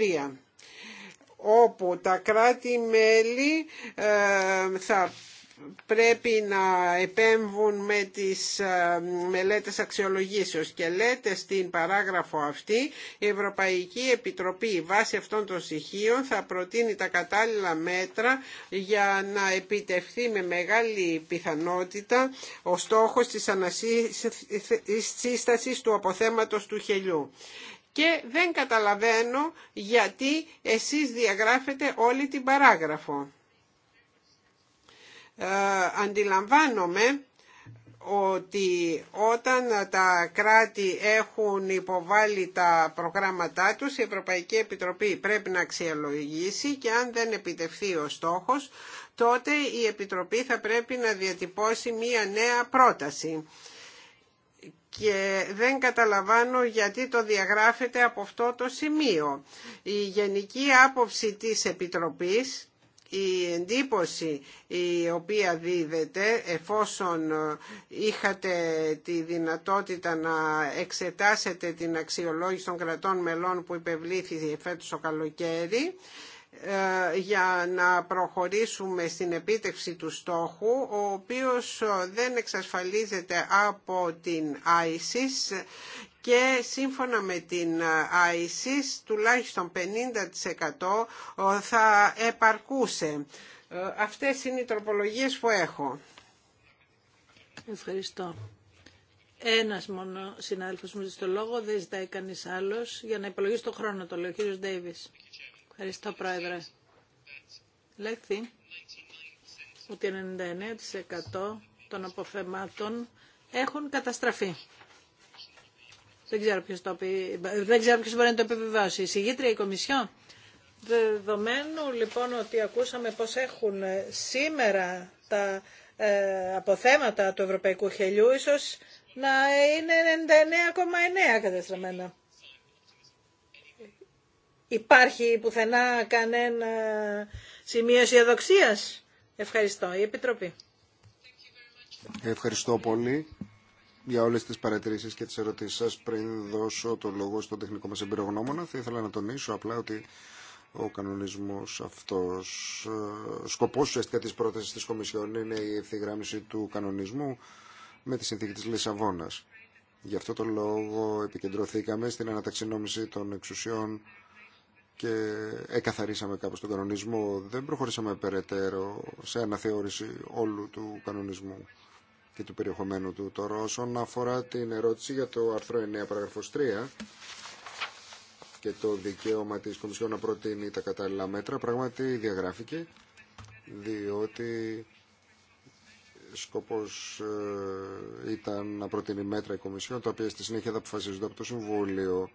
όπου τα κράτη-μέλη θα πρέπει να επέμβουν με τις ε, μελέτες αξιολογήσεως και λέτε στην παράγραφο αυτή η Ευρωπαϊκή Επιτροπή βάσει αυτών των στοιχείων θα προτείνει τα κατάλληλα μέτρα για να επιτευχθεί με μεγάλη πιθανότητα ο στόχος της ανασύστασης του αποθέματος του χελιού και δεν καταλαβαίνω γιατί εσείς διαγράφετε όλη την παράγραφο. Ε, αντιλαμβάνομαι ότι όταν τα κράτη έχουν υποβάλει τα προγράμματά τους η Ευρωπαϊκή Επιτροπή πρέπει να αξιολογήσει και αν δεν επιτευχθεί ο στόχος τότε η Επιτροπή θα πρέπει να διατυπώσει μία νέα πρόταση και δεν καταλαβαίνω γιατί το διαγράφεται από αυτό το σημείο. Η γενική άποψη της Επιτροπής η εντύπωση η οποία δίδεται εφόσον είχατε τη δυνατότητα να εξετάσετε την αξιολόγηση των κρατών μελών που υπευλήθη φέτος το καλοκαίρι ε, για να προχωρήσουμε στην επίτευξη του στόχου ο οποίος δεν εξασφαλίζεται από την ISIS και σύμφωνα με την ΆΙΣΙΣ τουλάχιστον 50% θα επαρκούσε. Ε, αυτές είναι οι τροπολογίες που έχω. Ευχαριστώ. Ένας μόνο συνάδελφος μου στο λόγο, δεν ζητάει κανείς άλλος. Για να υπολογίσει το χρόνο το λέω, ο κύριος Ντέιβις. Ευχαριστώ, Πρόεδρε. Λέχθη ότι 99% των αποθεμάτων έχουν καταστραφεί. Δεν ξέρω ποιο δεν μπορεί να το επιβεβαιώσει. Η συγγήτρια η Κομισιόν. Δεδομένου λοιπόν ότι ακούσαμε πως έχουν σήμερα τα ε, αποθέματα του ευρωπαϊκού χελιού, ίσως να είναι 99,9 κατεστραμμένα. Υπάρχει πουθενά κανένα σημείο αισιοδοξία. Ευχαριστώ. Η Επιτροπή. Ευχαριστώ πολύ για όλε τι παρατηρήσει και τι ερωτήσει σα Πριν δώσω το λόγο στον τεχνικό μα εμπειρογνώμονα, θα ήθελα να τονίσω απλά ότι ο κανονισμό αυτό ε, σκοπό ουσιαστικά τη πρόταση τη Κομισιόν είναι η ευθυγράμμιση του κανονισμού με τη συνθήκη τη Λισαβόνα. Γι' αυτό το λόγο επικεντρωθήκαμε στην αναταξινόμηση των εξουσιών και εκαθαρίσαμε κάπως τον κανονισμό. Δεν προχωρήσαμε περαιτέρω σε αναθεώρηση όλου του κανονισμού και του περιεχομένου του. Τώρα όσον αφορά την ερώτηση για το άρθρο 9 παραγραφος 3 και το δικαίωμα της Κομισιόν να προτείνει τα κατάλληλα μέτρα πράγματι διαγράφηκε διότι σκοπός ε, ήταν να προτείνει μέτρα η Κομισιόν τα οποία στη συνέχεια θα αποφασίζονται από το Συμβούλιο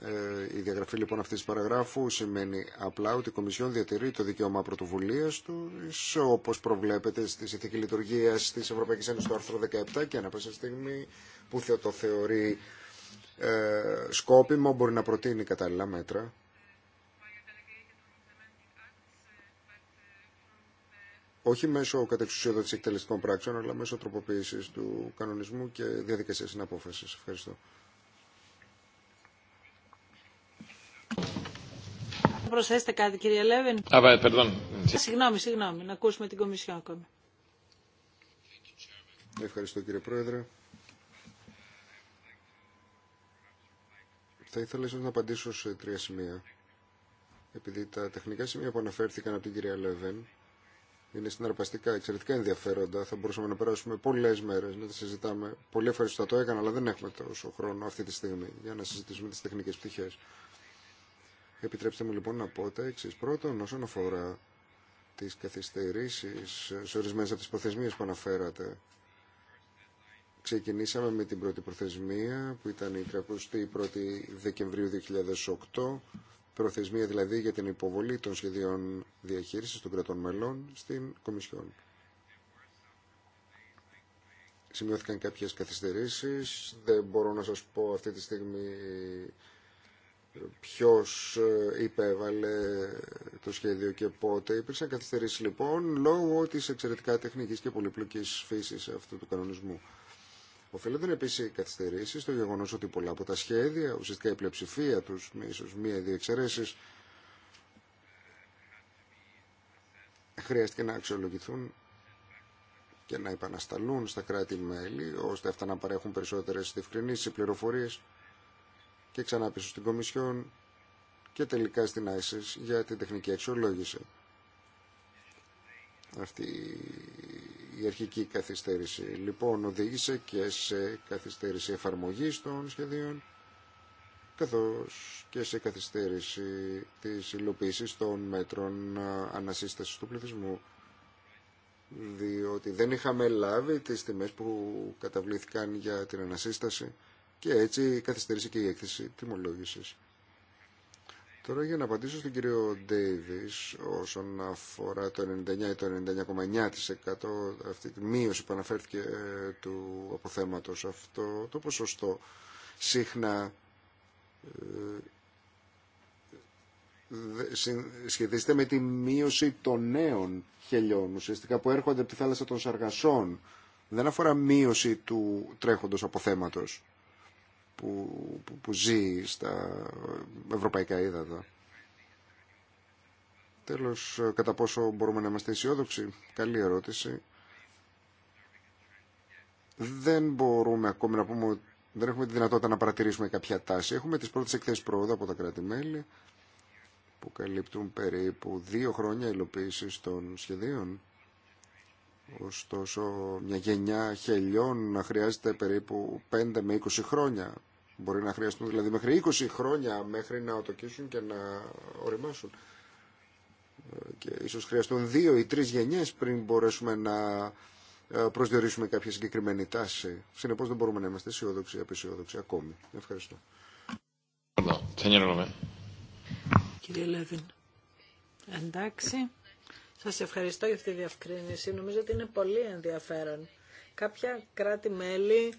ε, η διαγραφή λοιπόν αυτής της παραγράφου σημαίνει απλά ότι η Κομισιόν διατηρεί το δικαίωμα πρωτοβουλίας του όπως προβλέπεται στη συνθήκη λειτουργίας της Ευρωπαϊκής Ένωσης το άρθρο 17 και ανά πάσα στιγμή που το θεωρεί ε, σκόπιμο μπορεί να προτείνει κατάλληλα μέτρα. Όχι μέσω κατεξουσιοδότηση εκτελεστικών πράξεων, αλλά μέσω τροποποίησης του κανονισμού και διαδικασία συναπόφασης. Ευχαριστώ. προσθέσετε κάτι, κύριε Συγγνώμη, συγγνώμη, να ακούσουμε την Κομισιόν ακόμη. Ευχαριστώ κύριε Πρόεδρε. Θα ήθελα ίσως να απαντήσω σε τρία σημεία. Επειδή τα τεχνικά σημεία που αναφέρθηκαν από την κυρία Λέβεν είναι συναρπαστικά, εξαιρετικά ενδιαφέροντα. Θα μπορούσαμε να περάσουμε πολλέ μέρε να τα συζητάμε. Πολύ ευχαριστώ, το έκανα, αλλά δεν έχουμε τόσο χρόνο αυτή τη στιγμή για να συζητήσουμε τι τεχνικέ πτυχέ. Επιτρέψτε μου λοιπόν να πω τα εξή. Πρώτον, όσον αφορά τι καθυστερήσει σε ορισμένε από τι προθεσμίε που αναφέρατε, ξεκινήσαμε με την πρώτη προθεσμία που ήταν η 31η Δεκεμβρίου 2008, προθεσμία δηλαδή για την υποβολή των σχεδίων διαχείρισης των κρατών μελών στην Κομισιόν. Σημειώθηκαν κάποιες καθυστερήσεις, δεν μπορώ να σας πω αυτή τη στιγμή ποιος ε, υπέβαλε το σχέδιο και πότε. Υπήρξαν καθυστερήσεις λοιπόν λόγω της εξαιρετικά τεχνικής και πολύπλοκης φύσης αυτού του κανονισμού. Οφείλονται επίση οι καθυστερήσει στο γεγονό ότι πολλά από τα σχέδια, ουσιαστικά η πλειοψηφία του, ίσω μία δύο εξαιρέσει, χρειάστηκε να αξιολογηθούν και να επανασταλούν στα κράτη-μέλη, ώστε αυτά να παρέχουν περισσότερε διευκρινήσει, πληροφορίε και ξανά πίσω στην Κομισιόν και τελικά στην ISIS για την τεχνική αξιολόγηση. Αυτή η αρχική καθυστέρηση λοιπόν οδήγησε και σε καθυστέρηση εφαρμογής των σχεδίων καθώς και σε καθυστέρηση της υλοποίησης των μέτρων ανασύστασης του πληθυσμού διότι δεν είχαμε λάβει τις τιμές που καταβλήθηκαν για την ανασύσταση και έτσι καθυστερήσει και η έκθεση τιμολόγηση. Τώρα για να απαντήσω στον κύριο Ντέιβις όσον αφορά το 99 ή το 99,9% αυτή τη μείωση που αναφέρθηκε ε, του αποθέματος αυτό το ποσοστό συχνά ε, σχετίζεται με τη μείωση των νέων χελιών ουσιαστικά που έρχονται από τη θάλασσα των Σαργασών δεν αφορά μείωση του τρέχοντος αποθέματος που, που, ζει στα ευρωπαϊκά ύδατα. Τέλος, κατά πόσο μπορούμε να είμαστε αισιόδοξοι. Καλή ερώτηση. Δεν μπορούμε ακόμη να πούμε ότι δεν έχουμε τη δυνατότητα να παρατηρήσουμε κάποια τάση. Έχουμε τις πρώτες εκθέσεις πρόοδο από τα κράτη-μέλη που καλύπτουν περίπου δύο χρόνια υλοποίηση των σχεδίων. Ωστόσο, μια γενιά χελιών να χρειάζεται περίπου 5 με 20 χρόνια. Μπορεί να χρειαστούν δηλαδή μέχρι 20 χρόνια μέχρι να οτοκίσουν και να οριμάσουν. Και ίσως χρειαστούν δύο ή τρεις γενιές πριν μπορέσουμε να ε, προσδιορίσουμε κάποια συγκεκριμένη τάση. Συνεπώς δεν μπορούμε να είμαστε αισιόδοξοι ή απεσιόδοξοι ακόμη. Ευχαριστώ. Κύριε εντάξει. Σας ευχαριστώ για αυτή τη διευκρίνηση. Νομίζω ότι είναι πολύ ενδιαφέρον. Κάποια κράτη-μέλη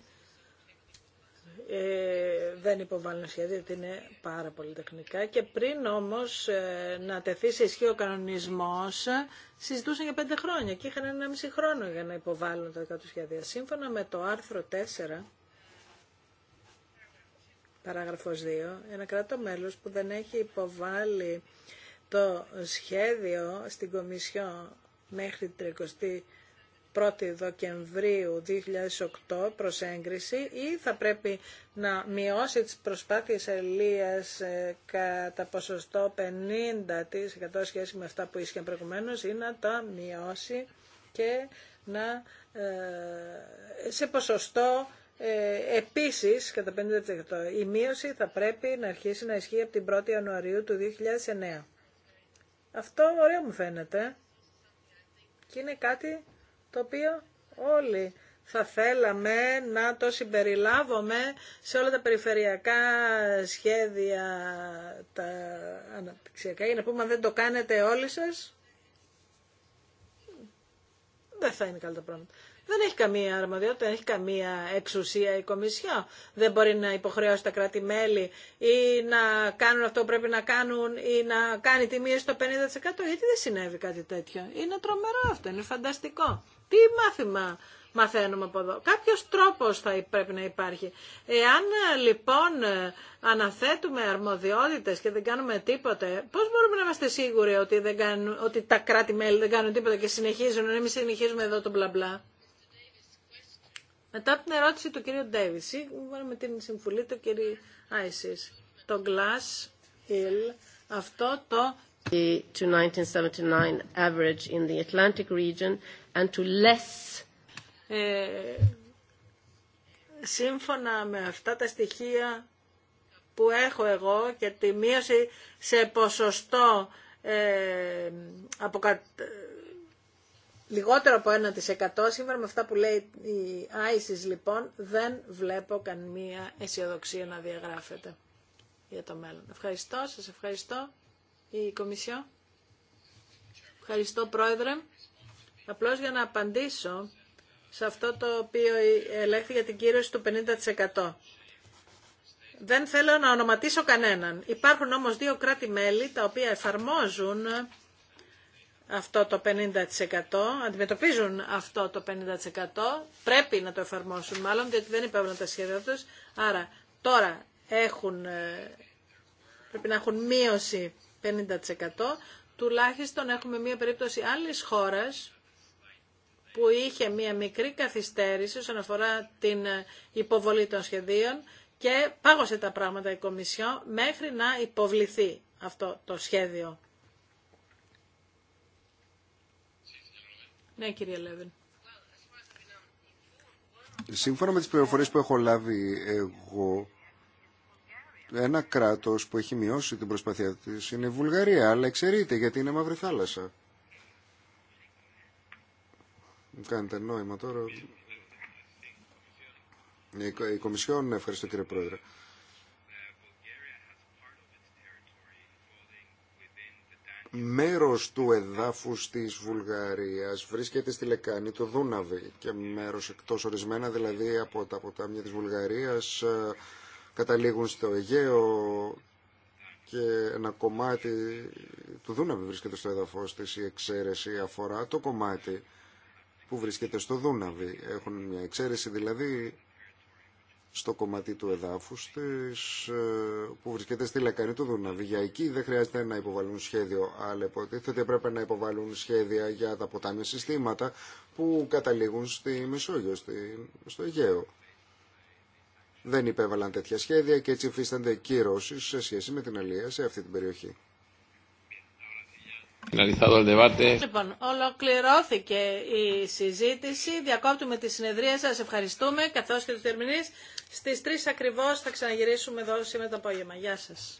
ε, δεν υποβάλλουν σχέδια, γιατί είναι πάρα πολύ τεχνικά. Και πριν όμως ε, να τεθεί σε ισχύ ο κανονισμός, συζητούσαν για πέντε χρόνια και είχαν ένα μισή χρόνο για να υποβάλουν τα δικά του σχέδια. Σύμφωνα με το άρθρο 4, παράγραφος 2, ένα κράτο μέλος που δεν έχει υποβάλει το σχέδιο στην Κομισιό μέχρι την 31η Δεκεμβρίου 2008 προς έγκριση ή θα πρέπει να μειώσει τις προσπάθειες ελίας ε, κατά ποσοστό 50% σχέση με αυτά που ίσχυαν προηγουμένως ή να τα μειώσει και να ε, σε ποσοστό ε, επίσης, κατά 50% η μείωση θα πρέπει να αρχίσει να ισχύει από την 1η Ιανουαρίου του 2009. Αυτό ωραίο μου φαίνεται και είναι κάτι το οποίο όλοι θα θέλαμε να το συμπεριλάβουμε σε όλα τα περιφερειακά σχέδια τα αναπτυξιακά για να πούμε δεν το κάνετε όλοι σας δεν θα είναι καλά τα πράγματα δεν έχει καμία αρμοδιότητα, δεν έχει καμία εξουσία η Κομισιό. Δεν μπορεί να υποχρεώσει τα κράτη-μέλη ή να κάνουν αυτό που πρέπει να κάνουν ή να κάνει τη μία στο 50%. Γιατί δεν συνέβη κάτι τέτοιο. Είναι τρομερό αυτό, είναι φανταστικό. Τι μάθημα μαθαίνουμε από εδώ. Κάποιος τρόπος θα πρέπει να υπάρχει. Εάν ε, λοιπόν ε, αναθέτουμε αρμοδιότητες και δεν κάνουμε τίποτε, πώς μπορούμε να είμαστε σίγουροι ότι, δεν κάνουν, ότι τα κράτη-μέλη δεν κάνουν τίποτα και συνεχίζουν, εμείς συνεχίζουμε εδώ το μπλα μπλα. Μετά από την ερώτηση του κυρίου Ντέβιση, με την συμφουλή του κυρίου Άισις, το Glass Hill, αυτό το to 1979 average in the Atlantic region and to less ε, σύμφωνα με αυτά τα στοιχεία που έχω εγώ και τη μείωση σε ποσοστό ε, λιγότερο από 1% σήμερα με αυτά που λέει η ISIS λοιπόν δεν βλέπω καμία αισιοδοξία να διαγράφεται για το μέλλον. Ευχαριστώ, σας ευχαριστώ η Κομισιό. Ευχαριστώ Πρόεδρε. Απλώς για να απαντήσω σε αυτό το οποίο ελέγχθη για την κύρωση του 50%. Δεν θέλω να ονοματίσω κανέναν. Υπάρχουν όμως δύο κράτη-μέλη τα οποία εφαρμόζουν αυτό το 50%, αντιμετωπίζουν αυτό το 50%, πρέπει να το εφαρμόσουν μάλλον, διότι δεν υπέβαλαν τα σχέδια τους. Άρα τώρα έχουν, ε, πρέπει να έχουν μείωση 50%, τουλάχιστον έχουμε μία περίπτωση άλλης χώρας που είχε μία μικρή καθυστέρηση όσον αφορά την ε, υποβολή των σχεδίων και πάγωσε τα πράγματα η Κομισιό μέχρι να υποβληθεί αυτό το σχέδιο Ναι, κύριε Λέβεν. Σύμφωνα με τις πληροφορίες που έχω λάβει εγώ, ένα κράτος που έχει μειώσει την προσπαθία της είναι η Βουλγαρία, αλλά εξαιρείται γιατί είναι μαύρη θάλασσα. Μου κάνετε νόημα τώρα. Η Κομισιόν, ευχαριστώ κύριε Πρόεδρε. μέρος του εδάφους της Βουλγαρίας βρίσκεται στη λεκάνη το Δούναβη και μέρος εκτός ορισμένα δηλαδή από τα ποτάμια της Βουλγαρίας ε, καταλήγουν στο Αιγαίο και ένα κομμάτι του Δούναβη βρίσκεται στο εδαφός της η εξαίρεση αφορά το κομμάτι που βρίσκεται στο Δούναβη έχουν μια εξαίρεση δηλαδή στο κομμάτι του εδάφους τη ε, που βρίσκεται στη λεκανή του Δούναβη. Για εκεί δεν χρειάζεται να υποβάλουν σχέδιο, αλλά υποτίθεται ότι έπρεπε να υποβάλουν σχέδια για τα ποτάμια συστήματα που καταλήγουν στη Μεσόγειο, στη, στο Αιγαίο. Δεν υπέβαλαν τέτοια σχέδια και έτσι υφίστανται κυρώσει σε σχέση με την Αλία σε αυτή την περιοχή. Λοιπόν, ολοκληρώθηκε η συζήτηση. Διακόπτουμε τη συνεδρία σας. Ευχαριστούμε καθώς και τους τερμηνείς. Στις 3 ακριβώς θα ξαναγυρίσουμε εδώ σήμερα το απόγευμα. Γεια σας.